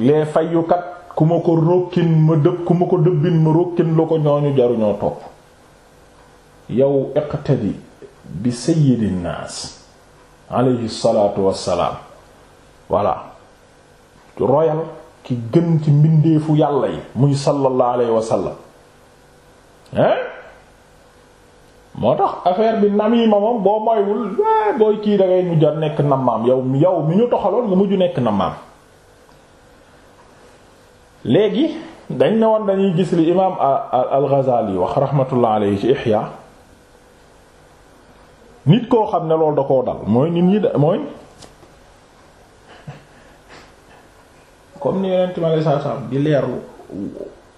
les fayukat ku ma ko rokkin ma dëb ku ma ko dëbbin ma rokkin lu ko ñooñu jaruñoo topp yow iqtadi di sayyidin naas alayhi salaatu wassalaam voilà royal ki gën ci mbindeefu yàlla yi muy sallallahu alayhi wa sallam moo tax affaire bi namima moom boo moywul eh, booy kii da ngay mujj a nekk nammaam yow yow mi ñu toxaloon nga mujj nekk nammaam léegi dañ ne woon dañuy gis li imaam al Ghazali wax rahmatullah alayhi ci Ihya nit koo xam ne loolu da koo dal mooy nit ñi da mooy comme ni yeneen time ale saab di leeru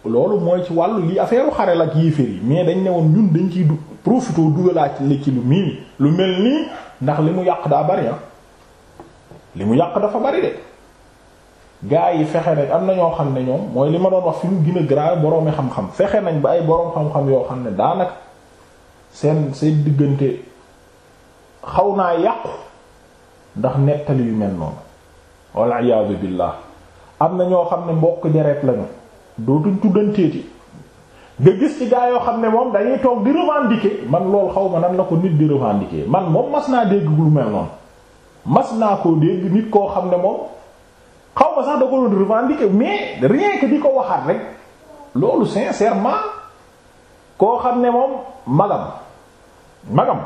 loolu mooy ci wàllu lii affaire xare la ak yéeféer yi mais dañ ne woon ñun dañ ciy du profité dugalaat ci lu mii lu mel nii ndax li mu yàq daa bari ah. li mu yàq dafa bari de gaa yi fexe nañ am na ñoo xam ne ñoom mooy li ma doon wax fi mu gën a grave boroomi xam-xam fexe nañ ba ay boroom xam-xam yoo xam ne daanaka seen seen diggante xaw naa yàqu ndax nettali yu mel noonu walla iyaadu billaah am na ñoo xam ne mbokk deret lañu dootuñ tuddanteeti nga gis ci gaa yoo xam ne moom dañuy toog di revendiquer man lool xaw ma nan la ko nit di revendiquer man moom mas naa dégg lu mel naa koo dégg nit koo xam ne moom xaw ma sax da ko doon revendiquer mais rien di ko waxaat rek loolu sincèrement koo xam ne moom magam magam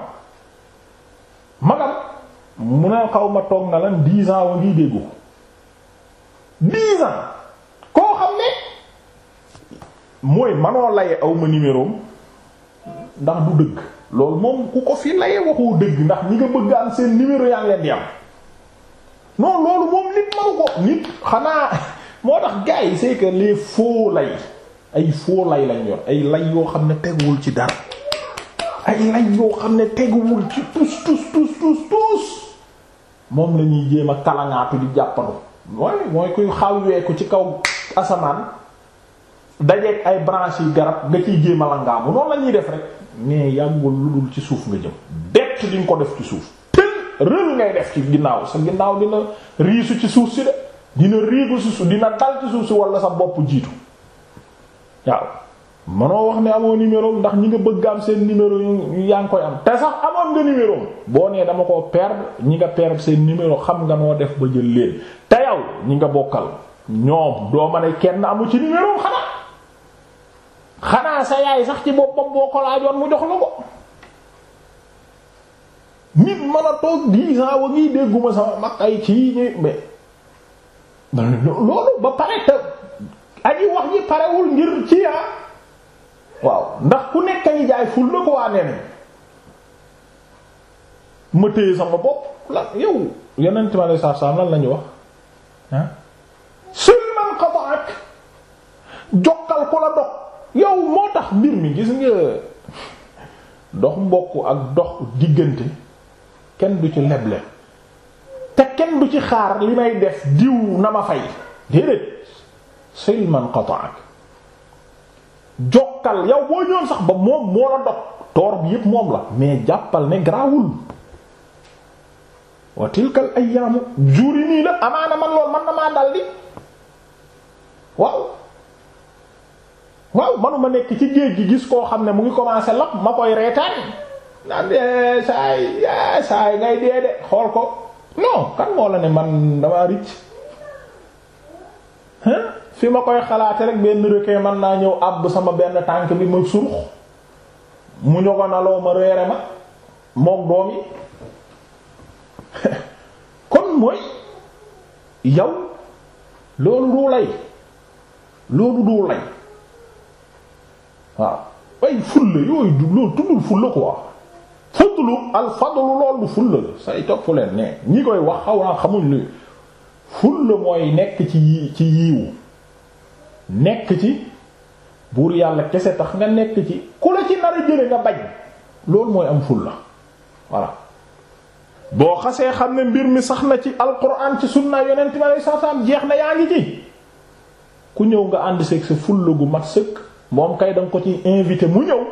mu ne xaw ma toog na lan dix ans wa ngiy déggu dix koo xam ne mooy manoo laye aw ma numéro ndax du dëgg loolu moom ku ko fi laye waxoo dëgg ndax ñi nga bëgg am seen numéro yaa ngi leen di am non loolu moom nit manu ko nit xanaa moo tax gars yi c'est lay ay faux lay lañ yor ay lay yoo xam ne teguwul ci dara ay lay yoo xam ne teguwul ci tus tus tus tus moom lañuy ñuy jéem a kalaŋaatu di jàppandu mooy mooy kuy xawweeku ci kaw asamaan dajeeg ay branches yi garab nga ciy jéem a langaamu noonu la ñuy def rek mais yàggul lu dul ci suuf nga jëm bett di ko def ci suuf tël rël ngay def ci ginnaaw sa ginnaaw dina riisu ci suuf si de dina riigu si suuf dina dal ci suuf si wala sa boppu jiitu waaw manoo wax ne amoo numéro ndax ñi nga bëgg am seen numéro yaa ngi koy am te sax amoon nga numéro boo nee dama koo perdre ñi nga perdre seen numéro xam nga noo def ba jël leen te yow ñi nga bokkal ñoom doo ma kenn amu ci numéro xanaa xanaa sa yaay sax ci boppam boo ko laajoon mu jox la ko nit mën a toog dix ans wa ngi dégguma sama mag ay kii ñi loolu ba pare te aji wax ji parewul ngir ci ah waaw ndax ku nekk ñu jaay ful la ko waa nee nañ ma téye sama bopp la yow yeneen time ale saaf saaf lan lañu wax ah sulman qata'ak jokkal ku la dox yow moo tax mbir mi gis nga dox mbokk ak dox diggante kenn du ci leble te kenn du ci xaar li may def diw na ma fay déedéet sulman qata'ak jokkal yow boo ñëwoon sax ba moom moo la dog toor bi yépp moom la mais jàppal ne garaawul wa tilkal ayaamu juri nii la amaana man lool man na maa dal waaw waaw manuma nekk ci géej gi gis koo xam ne mu ngi commencé lap ma koy reetaan naan eh, saay saay ngay dee de xool ko non kan moo la ne man damaa ricc fi ma koy xalaate rek benn requin mën naa ñëw àbb sama benn tànk bi ma surux mu ñogonaloo ma reere ma mook doom yi kon mooy yow loolu du lay loolu du lay waaw ay fulla yooyu du loolu tuddul fulla quoi fudlu al fadlu loolu fulla say topp leen ne ñi koy wax xaw naa xamuñ luy fulla mooy nekk ci yiiwu nekk ci buur yàlla kese tax nga nekk ci ku la ci nar a jële nga bañ loolu mooy am ful la voilà boo xasee xam ne mbir mi sax na ci alquran ci sunna yonent bi alei satu salaam jeex na yaa ngi ci ku ñëw nga ànd seeg sa fulla gu mat sëkk moom kay danga ko ci invité mu ñëw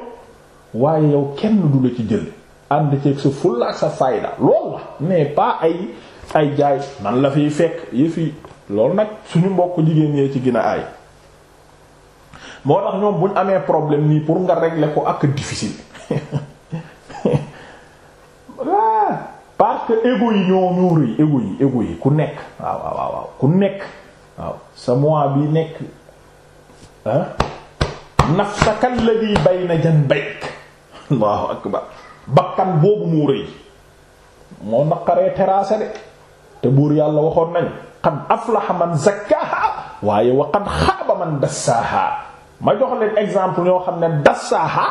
waaye yow kenn du la ci jële ànd ceeg sa fulla ak sa fayda lool la mais pas ay ay jaay nan la fiy fekk yi fii loolu nag suñu mbokk jigéen ñee ci gën a aay moo tax ñoom bu ñu amee problème nii pour nga régler ko ak difficile ah, parce égo yi ñoo ñoo rëy égo yi égo yi ku nekk waaw waaw waaw ku nekk waaw sa moi bi nekk ah nafsaka alladhi bayna janbayk allahu akbar bakkan boobu moo rëy moo naqaree terrassé de te buur yàlla waxoon nañ qad aflaha man zakkaha waaye wa qad xaaba man dassaaha ma jox leen exemple ñoo xam ne dassaaha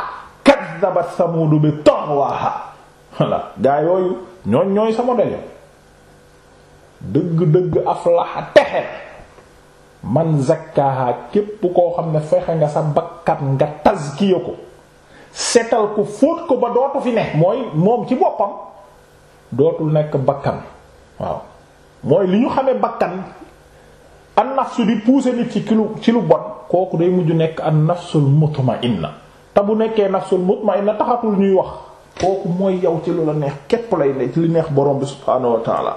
kaddabat samuudu bi taghwaaha voilà gaa yooyu ñooñ ñooy sa modèle dëgg-dëgg aflaha texe man zakkaaha képp koo xam ne fexe nga sa bakkan nga tazkiya ko setal ko fóot ko ba dootu fi ne mooy moom ci boppam dootul nekk bakkan waaw mooy li ñu xamee bakkan an nafsu di pousser nit ci lu ci lu bon kooku day mujj nekk an nafsul mutma'inna te bu nekkee nafsul mutma'inna taxatul ñuy wax kooku mooy yow ci lu la neex képp lay ne ci li neex borom bi subhaanahu wa ta'ala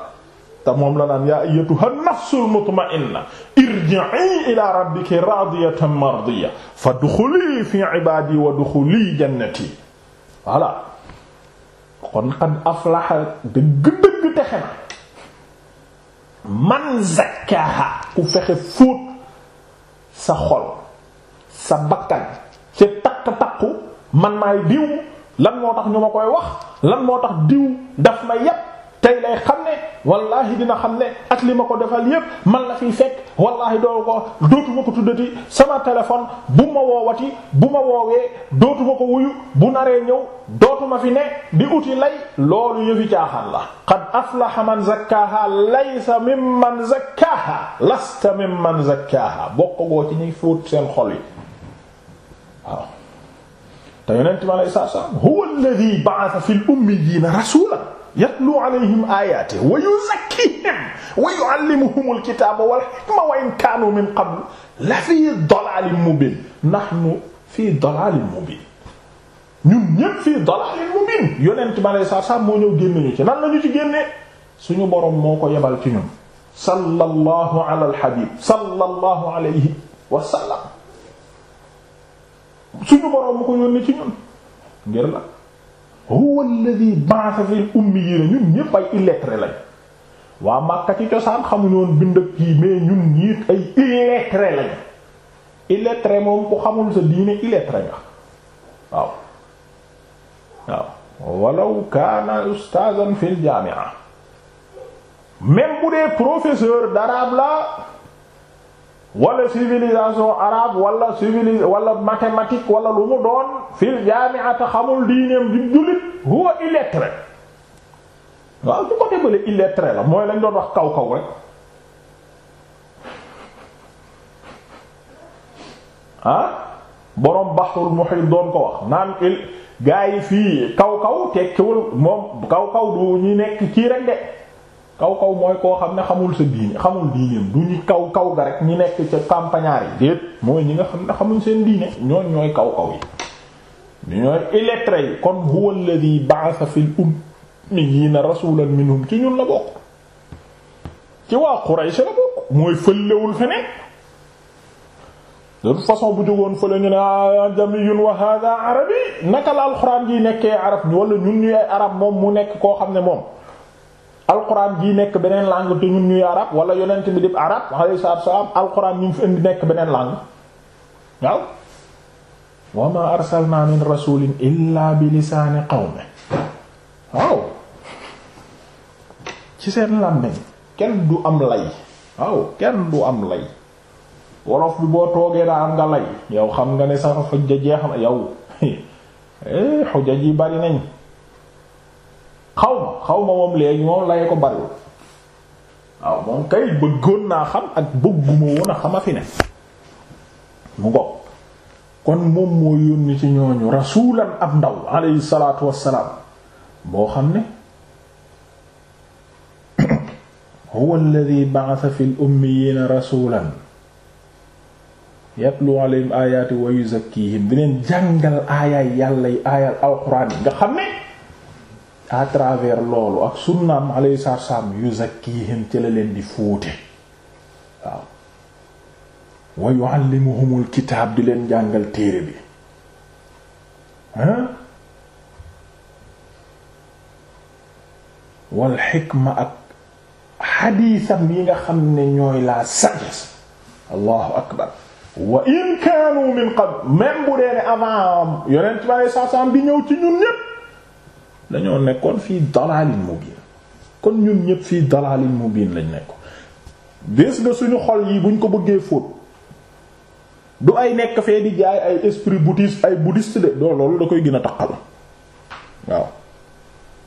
te moom la naan yaa ayyatuha nafsul mutma'inna irji'i ila rabbiki radiyatan mardiya fadkhuli fi ibadi wa dkhuli jannati kon qad aflaha dëgg-dëgg texe na man zakkaha ku fexe fóot sa xol sa bakkan ci takk takku man maay diw lan moo tax ñu ma koy wax lan moo tax diw daf ma yépp tey lay xam ne wallaahi dina xam ne ak li ma ko defal yépp man la fiy fekk wallaahi doo ko dootuma ko tuddati sama téléphone bu ma woowati bu ma woowee dootuma ko wuyu bu naree ñëw dootuma fi ne di uti lay loolu yëfi caaxaan la qad aflaha man zakkaha laysa mimman zakkaha lasta mimman zakkaha bokkagoo ci ñuy fóot seen xol yi waaw te yonent mi alayhi salaam huwa alladhi ba'atha fil ummiyyiina rasuulan yatlu alayhim ayaati wa yuzakkihim wa yuallimuhumul kitaaba wal hikma wa in kaanu min qablu la fii dalaalin mubiin nahnu fii dalaalin mubiin ñun ñépp fii dalaalin mubiin yonent ma lay saa saa moo ñëw génne ñu ci nan la ñu ci génnee suñu boroom moo ko yebal ci ñun. sallallahu ala alhabib sallallahu alayhi wa sallam suñu boroom mu ko yónnee ci ñun ngir la. huwa alladhi ba'atha fil ummiyiina ñun ñépp ay illettrés lañ waa Makka cosaan xamuñu bind ak kii mais ñun ñiit ay illettrés lañ illettré moom ku xamul sa diine illettré nga waaw waaw walaw kaana ustazan fil jaami'a même bu dee professeur d'arabe la walla civilisation arabe wala civilis wala mathématique wala lu mu doon fil jaami'ata xamul diineem di jullit huwa illettré waaw du ko débale illettré la mooy lañ doon wax kaw kaw rek ah borom baxrul muhit doon ko wax naan il gaa yi fii kaw kaw tekkiwul moom kaw kaw du ñu nekk kii de. kaw kaw mooy koo xam ne xamul sa diine xamul diineem du ñu kaw kaw ga rek ñi nekk ca campagnard yi déet mooy ñi nga xam ne xamuñ seen diine ñooñ ñooy kaw kaw yi ñooy illettré yi kon huwa alladhi ba'atha fil ummiyyina ci ñun la bokk ci waa Quraysh la mooy fëllewul feneen de toute façon bu jógoon fële ñu ne ajamiyun ah, wa hadha arabi naka la alxuraan gi wala ñun ñuy ay arab moom mu nekk koo xam ne moom alquran jii nekk beneen langue te ñuy arab wala yonent bi dib arab alayhi salaatu salaam alquran ñu ngi fi indi nekk beneen langue waaw wa ma arsalna min bi lisaani qawmi waaw ci seen làmmiñ kenn du am lay waaw kenn du am lay wolof bi boo toogee daa am nga lay yow xam nga ne sax xujja jeex na yow eh, xujja ji bari nañ xaw ma moom léegi moom laye ko bariwul waaw moom kay bëggoon naa xam ak bëgguma woon a xama fi ne mu ngoog kon moom moo yónni ci ñooñu rasulan ab ndaw alayhi salaatu wassalaam boo xam ne huwa alladhi ba'atha fil ummiyiina rasulan yatlu alayhim ayaati wa yuzakkihim di leen jàngal aayaay yàlla yi aayal alxuraan yi nga xam ne à travers loolu ak sunnaam alayhi salaam yuzakkihim ci la leen di fóote waaw wa yuallimuhumul kitaab di leen jàngal téere bi hein wal xikma ak xadiisam yi nga xam ne ñooy la sagesse allahu akbar wa in kaanu min qabl même bu dee ne avant yonent bi alayhi salaam bi ñëw ci ñun ñépp dañoo nekkoon fii dalaalin mubiin kon ñun ñëpp fii dalaalin mubiin lañ nekk gis nga suñu xol yi buñ ko bëggee fóot du ay nekk fee di jaay ay esprit bouddhiste ay bouddhiste de doo loolu da koy gën a taqal waaw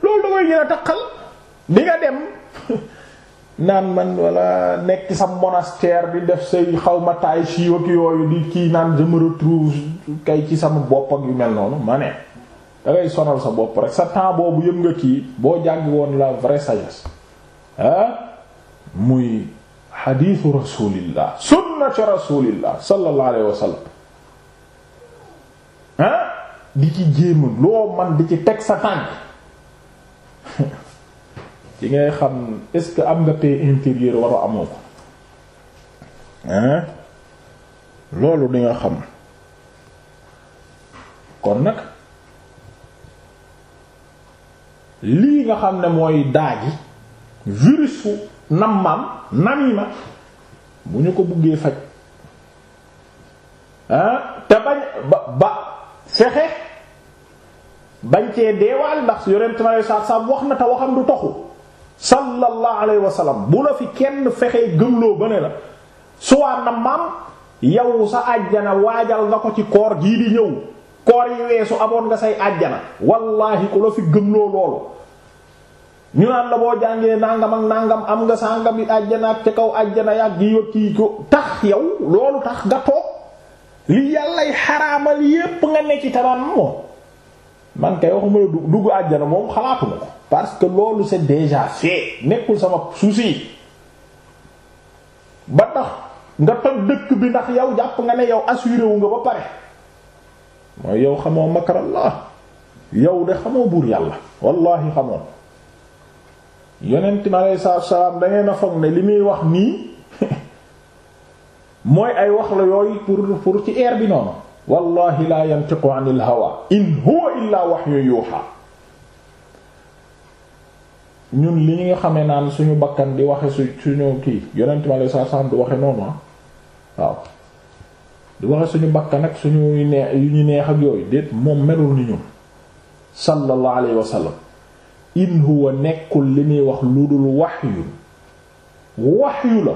loolu da koy gën a taqal di nga dem naan man walla nekk sam monastère bi def say xawma taay siiw ak yooyu di kii naan je me kay ci sama bopp ak yu mel noonu ma ne da ngay sonal sa bopp rek sa temps boobu yëpp nga kii boo jàngi woon la vraie sagesse ah, muy xadiisu rasulillah sunnati rasulillah sallallahu alayhi wa sallam ah di ci jéem loo man di ci teg sa tànk ci ngay xam est-ce que am nga paix intérieure war a amoo ko ah, loolu di nga xam kon nag lii nga xam ne mooy daaji virus fu nammaam namima bu ñu ko buggee faj ah te bañ ba ba fexe bañ cee deewaal ndax yonent ma lay saab wax na te waxam du toxu sallallahu alayhi wa sallam bu la fi kenn fexee gëmloo ba ne la suwaa nammaam yow sa àjjana waajal nga ko ci koor gii di ñëw koor yi weesu amoon nga say àjjana wallaahi ku la fi gëmloo loolu ñu naan la boo jàngee nangam ak nangam am nga sàngam bi àjjana ak ca kaw àjjana yàgg gi yot kii ko tax yow loolu tax nga toog li yàllay xaraamal yépp nga ne ci taran moom man kay waxuma la dugg àjjana moom xalaatuma ko parce que loolu c'est déjà fait nekkul sama souci ba tax nga toj dëkk bi ndax yow jàpp nga ne yow assuré wu nga ba pare mooy yow xamoo makarallah yow de xamoo buur yàlla wallahi xamoo yonent mi aleyhi salaatu da ngeen a foog ne li muy wax nii mooy ay wax la yooyu pour pour ci air bi noonu wallahi la yantiqu anil hawa in huwa illa wahyun yuha ñun li ñu nga xamee naan suñu bakkan di waxe suñu kii yonent mi aleyhi salaatu salaam du waxe noonu ah waaw di waxe suñu bakkan ak suñuy neex yu ñu neex ak yooyu déet moom melul ni ñun sallallahu alayhi wa sallam in huwa nekkul li muy wax lu dul wahyu wahyu la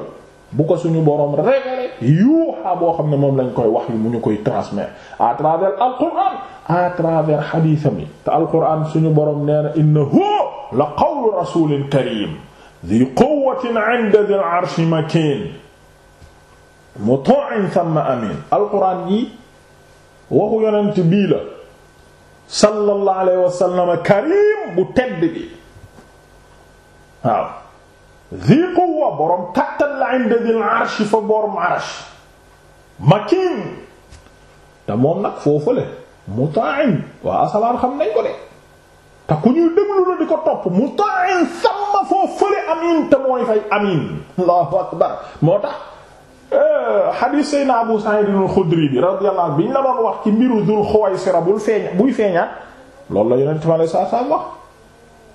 bu ko suñu boroom révélé yuuxaa boo xam ne moom lañ koy wax yu mu ñu koy transmettre à travers alquran à travers xadiisam yi te alquran suñu boroom nee na innahu la qawlu rasulin karim dhi quwwatin 'inda dhil 'arshi makin muta'in thumma amin alquran yi waxu yonent bii la sallallahu alayhi wa karim bu tedd bi waaw zi quwwa boroom kattan la inda dil arsh fa boroom arsh makin te moom nag foofale muta'in waa asamaan xam nañ ko de te ku ñuy déglu la di ko topp muta'in sama foofale amin te fay amin allahu akbar moo tax xadiis euh, sayna Abu Sa'id al-Xudri bi radiyallahu anhu bi ñu la doon wax ci mbiru Dul Xuwaysira bul feeñ buy feeñaat loolu la yonent ma lay saa saa wax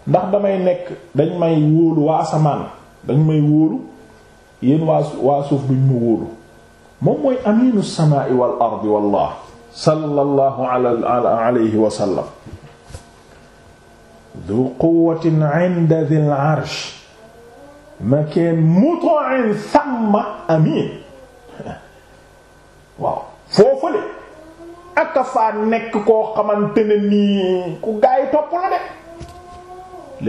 ndax damay nekk dañ may wóolu waa asamaan dañ may wóolu yéen waa waa suuf duñ mu wóolu moom mooy aminu samaa'i wal ardi wallah sallallahu alayhi wa sallam du quwwatin 'inda dhil 'arsh makin muta'in samma amin waaw foofale aka faa nekk koo xamante ne nii ku gaa yi topp la de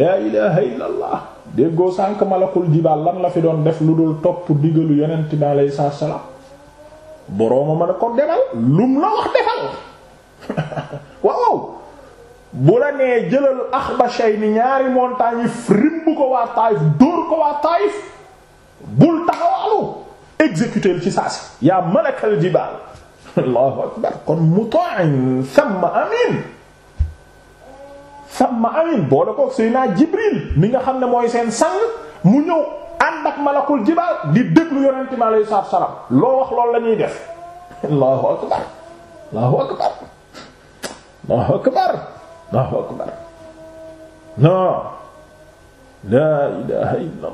laa ilaha illa déggoo sànk malakul jibaal lan la fi doon def lu dul topp digalu yonent bi alayhi salaam borooma mën a ko demal lum la wax defal waaw bu la nee jëlal axbashay ni ñaari montagne rimb ko waa Taayif dóor ko waa Taayif bul taxawaalu exécuter ci saasi yaa malakal jibaal allahu akbar kon mutaan samma amin samma amin boole koog Seydina Jibril mi nga xam ne mooy seen sang mu ñëw ànd ak malakul jibaal di déglu yonent mi alayhi salaatu loo wax loolu la ñuy def allahu akbar allahu akbar allahu akbar Allahu akbar non laa ilaha illa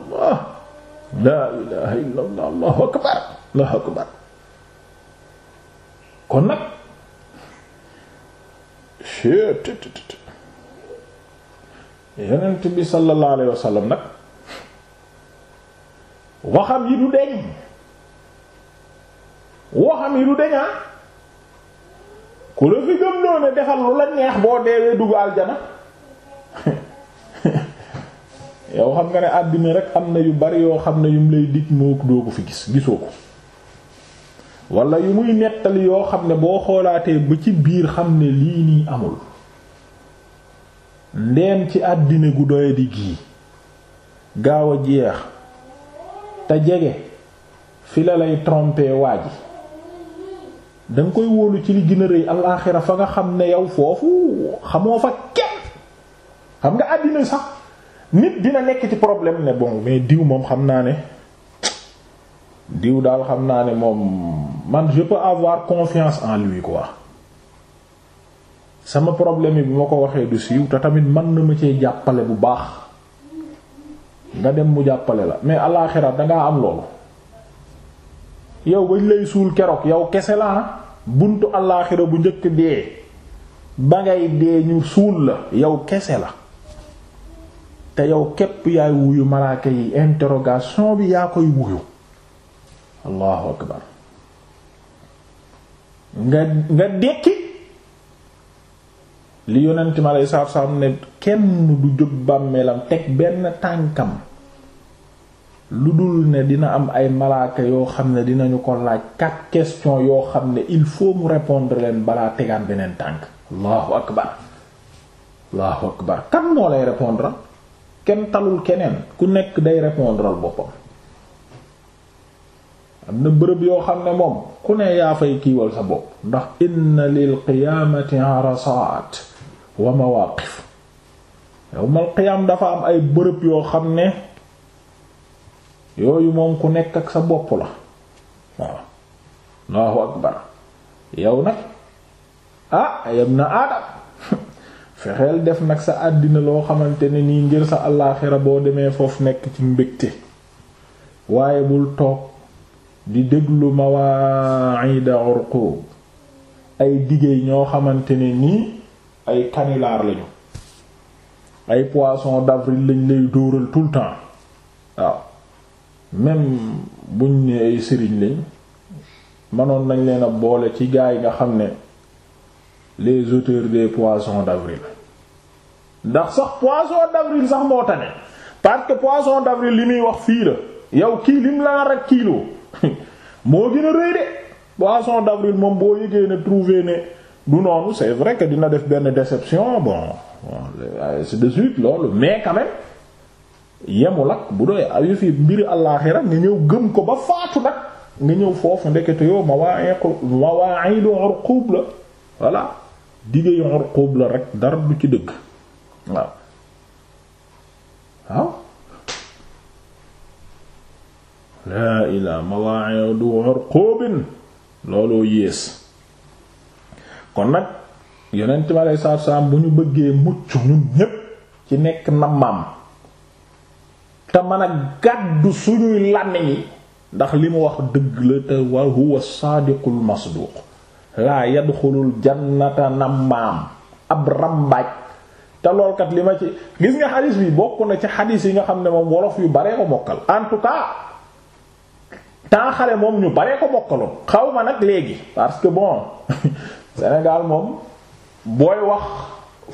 laa ilaha illa Allahu akbar Allahu akbar kon nag tt yonent bi sallallahu alayhi wa sallam nag waxam yi du deñ waxam yi du deñaa ku la fi gëm noonu defal lu la neex boo deewee dugg aljana yow xam nga ne àddina rek am na yu bari yoo xam ne yum lay dig moo doo ko fi gis gisoo ko wala yu muy nettali yoo xam ne boo xoolaatee ba ci biir xam ne lii nii amul ndeem ci àddina gu doy di gii gaaw a jeex te jege fi la lay tromper waa ji da nga koy wóolu ci li gën a rëy alaaxira fa nga xam ne yow foofu xamoo fa kenn xam nga àddina sax nit dina nekk ci problème ne bon mais diw moom xam naa ne diw daal xam naa ne moom man je peux avoir confiance en lui quoi sama problème bi ma ko waxee du siiw te tamit mën na ma cee jàppale bu baax nga dem mu jàppale la mais alaaxira dangaa am loolu yow bañ lay suul keroog yow kese la buntu allaaxira bu njëkk dee ba ngay dee ñu suul la yow kese la te yow képp yaay wuyu malaaka yi interrogation bi yaa koy wuyu allahu akbar nga nga dekki li yonent ma lay saaf saaf ne kenn du jóg bàmmeelam teg benn tànkam lu dul ne dina am ay malaaka yoo xam ne dinañu ko laaj quatre questions yoo xam ne il faut mu répondre leen balaa tegaan beneen tànk allahu akbar allahu akbar kan moo lay répondre kenn talul keneen ku nekk day répondre al boppam am na bërëb yoo xam ne moom ku ne yaa fay kiiwal sa bopp ndax inna lil qiyaamati arasaat wa mawaqif yawmal qiyaam dafa am ay bërëb yoo xam ne yooyu moom ku nekk ak sa bopp la waaw Allahu akbar yow nag ah yam na aadam fexeel def nag sa àddina loo xamante ne nii ngir sa àllaaxira boo demee foofu nekk ci mbégte waaye bul toog di lu ma waa ngi mawa'ida urqub ay digéey ñoo xamante ne nii ay canular lañu ay poisson d'avril lañ lay dóoral tout le temps waaw même buñ ne ay sëriñ lañ mënoon nañ leen a boole ci gaa yi nga xam ne les auteurs des poissons d'avril ndax sax poisson d'avril sax moo tane parce que poisson d'avril li muy wax fii la yow kii lim laa rek kilo moo gën a rëy de poisson d'avril moom boo yëgee ne trouvé ne du noonu c'est vrai que dina def benn déception bon c'est de suite loolu mais quand yemul ak bu doy ay fi mbiri àllaaxira nga ñëw gëm ko ba faatu nag nga ñëw foofu ndekete yow mawaa'idu urqub la voilà dige yu urqub la rek dara bu ci dëgg waaw waaw laa ilaa mawaa'idu urqubin looloo yées kon nag yonent bi aleyhi salaatu salaam bu ñu bëggee mucc ñun ñépp ci nekk nammaam te mën a gàddu suñuy làmmiñ ndax li mu wax dëgg la te wa huwa saadiqul masduq laa yadxulul jannata nammaam ab rambaaj te loolkat li ma ci gis nga xadis bi bokk na ci xadis yi nga xam ne moom wolof yu baree ko mokkal en tout moom ñu baree ko mokkaloon xaw ma nag léegi parce que bon Sénégal moom booy wax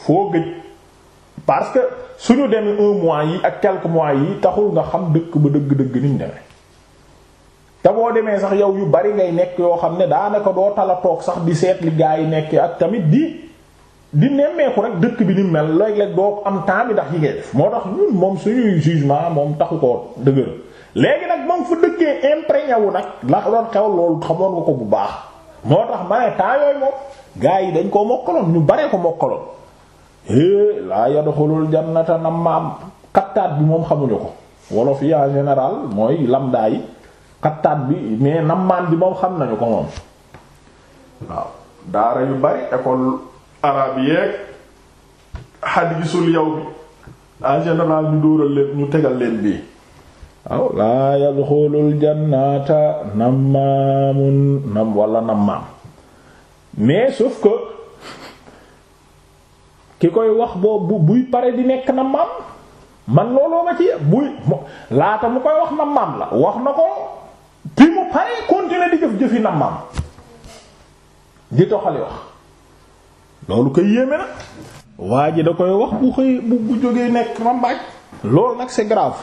foo gëj parce que suñu demee un mois yi ak quelque mois yi taxul nga xam dëkk ba dëgg-dëgg niñ demee te boo demee sax yow yu bari ngay nekk yoo xam ne daanaka doo tala toog sax di seet li gaa yi nekk ak tamit di di nemmeeku rek dëkk bi ni mel léeg-léeg doo am temps bi ndax yi ngay def moo tax ñun moom suñuy jugement moom taxu ko dëgër léegi nag moom fu dëkkee imprégné wu nag ndax doon xew loolu xamoon nga ko bu baax moo tax ma ne temps yooyu moom gaa yi dañ koo mokkaloon ñu baree ko mokkaloon. hé laa yadxulul jannata nammaam kattaat bi moom xamuñu mooy lamda yi bi mais nammaam bi moom nañu ko moom waaw daara yu ñu dóoral leen ki koy wax boobu buy pare di nekk na maam man looloo ma ci buy laata mu koy wax na maam la wax na ko bi mu pare continuer di jëf jëfi na maam di toxali wax loolu koy yéeme na waa ji da koy wax bu xëy bu bu jógee nekk rambaaj loolu nag c'est grave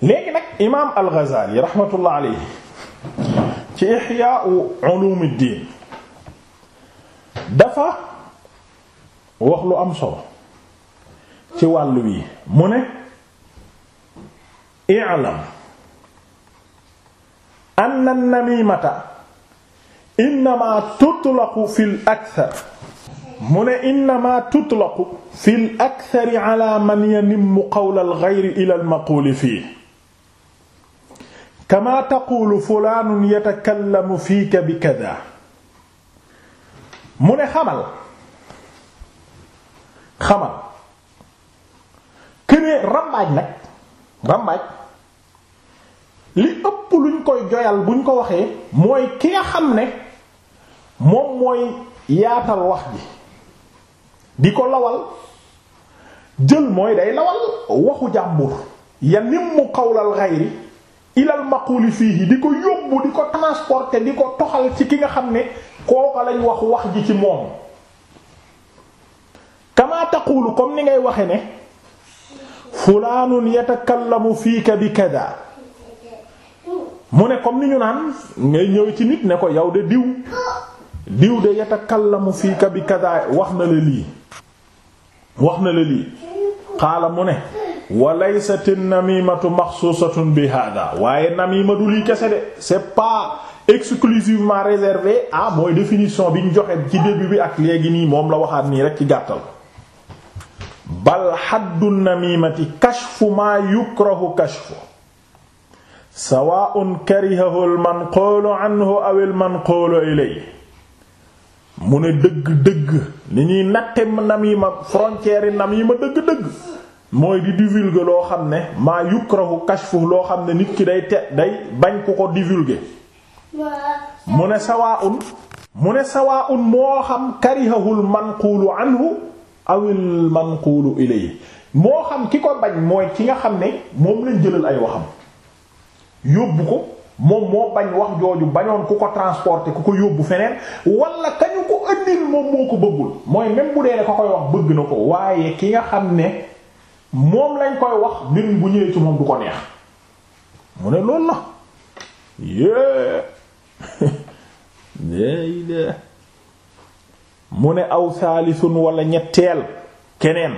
léegi nag imaam al-Ghazali rahmatullah alayhi ci Ihya ulumuddin dafa wax lu am solo ci wàll wi mu ne i'lam anna namimata innama tutlaqu fil akthar mu ne innama tutlaqu fil akthari ala man yanimmu qawla al-ghayri ila al-maquli fihi kama taqulu fulanun yatakallamu fika bi kadha mu ne xamal xamal kënee rambaaj nag rambaaj li ëpp luñ koy joyal buñ ko waxee mooy ki nga xam ne moom mooy yaatal wax ji di ko lawal jël mooy day lawal waxu jàmbur ya nimmu qawlal ghayri ilal maquli fiihi di ko yóbbu di ko transport te di ko toxal ci ki nga xam ne kooka lañ wax wax ji ci moom kama taqulu comme ni ngay waxe ne fulaanun yatakallamu fiika bi kada mu ne comme ni ñu naan ngay ñëw ci nit ne ko yow de diw diw de yatakallamu fiika bi kada wax na la lii wax na la lii xaala mu ne wa laysat an-namimatu maxsuusatun bi hada waaye namima du lii kese de c'est pas exclusivement réservé à mooy définition bi ñu joxe ci début bi ak léegi nii moom la waxaat nii rek ci gàttal bal xaddu namimati kashfu maa yukrahu kashfu sawaa'un karihahu almanqoolu anhu aw almanqoolu ilay mu ne dëgg-dëgg ni ñuy natte namima frontière yi dëgg-dëgg mooy di divulguer loo xam ne maa yukrahu kashfu loo xam ne nit ki day te day bañ ku ko divulguer mu ne sawaa'un mu ne sawaa'un moo xam karihahul manquulu anhu awil manqulu ilayhi moo xam ki ko bañ mooy ki nga xam ne moom lañ jëlal ay waxam yóbbu ko moom moo bañ wax jooju bañoon ku ko transporter ku ko yóbbu feneen wala kañu ko ëndil moom moo ko bëggul mooy même bu dee ne ko koy wax bëgg na ko waaye ki nga xam ne moom lañ koy wax mbir bu ñëwee ci moom du ko neex mu ne loolu la yée mu ne aw thalithun walla ñetteel keneen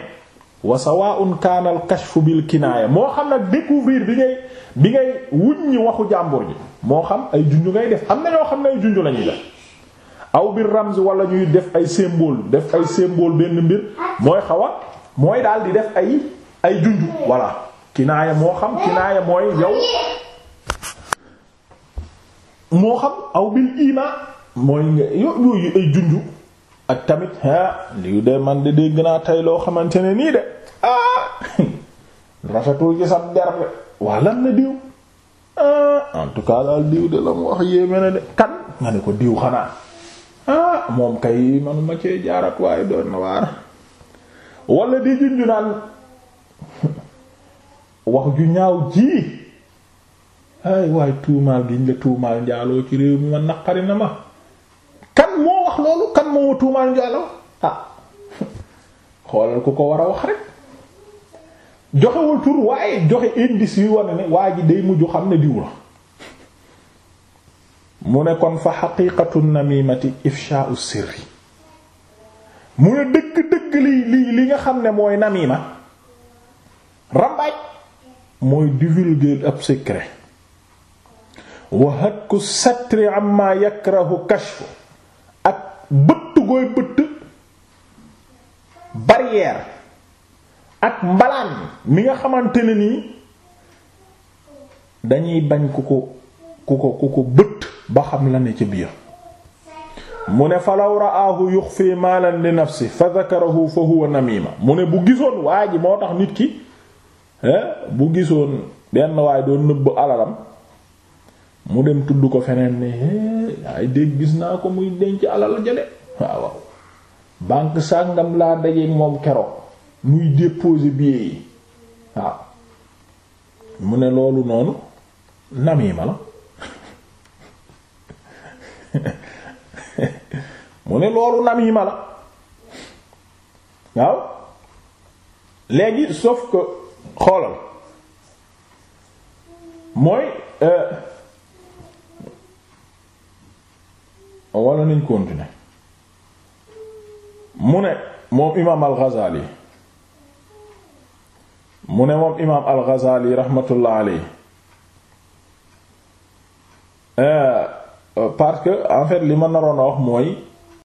wa sawaun kaana kashfu bil kinaaya moo xam nag découvrir bi ngay bi ngay wuñ waxu jàmbur ji moo xam ay junju ngay def am na ñoo xam ne ay junju lañuy def aw bir ramz wala ñuy def ay symbole def ay symbole mbir mooy xaw a di def ay ay junju voilà kinaaya moo xam kinaaya mooy yow moo xam aw bil ima mooy nga yooyu ay junju ak tamit ah lii de man de dégg naa tey loo xamante ne nii de ah rafetul ci sab derbe waa lan na diw ah tout cas daal diw de la mu wax yéeme na de kan nga ne ko diw xanaa ah moom kay manuma cee jaarat waaye doon na waar di junju naan wax ju ñaaw ji ay waaye tuumaal giñ la tuumaal njaaloo ci réew mi man naqari na ma wax loolu kan moo tuumaal njaaloo ah xoolal ku ko war a wax rek joxewul tur waaye joxe indice yu wane ne waa ji day mujj xam ne diw la mu ne kon fa xaqiiqatu namimati ifshaa'u sirri mu ne dëgg-dëgg li li li nga xam ne mooy namima rambaaj mooy divulguer ab secret wa hatku satri amma yakrahu kashfu bëtt gooy bëtt barrière ak mbalaan mi nga xamante ni nii dañuy bañ ku ko ku ko ku ko bëtt ba xam la ne ci biir mu ne falaw raahu yuxfi maalan li nafsi fa zakarahu fa huwa namima mu ne bu gisoon waa ji moo tax nit ki eh, bu gisoon benn waaye doon nëbb alalam mu dem tudd ko feneen ne ay dégg gis naa ko muy denc alal jële waaw waaw banque sàngam laa dajeeg moom keroog muy déposer billet yi waaw mu ne loolu noonu namima la mu ne loolu namima la waaw léegi sof ko xoolal mooy. Euh, wala nañ continuer mu ne moom imaam al-Ghazali mu ne moom imaam al-Ghazali rahmatullah alayhi euh, parce que en fait li ma naroon a wax mooy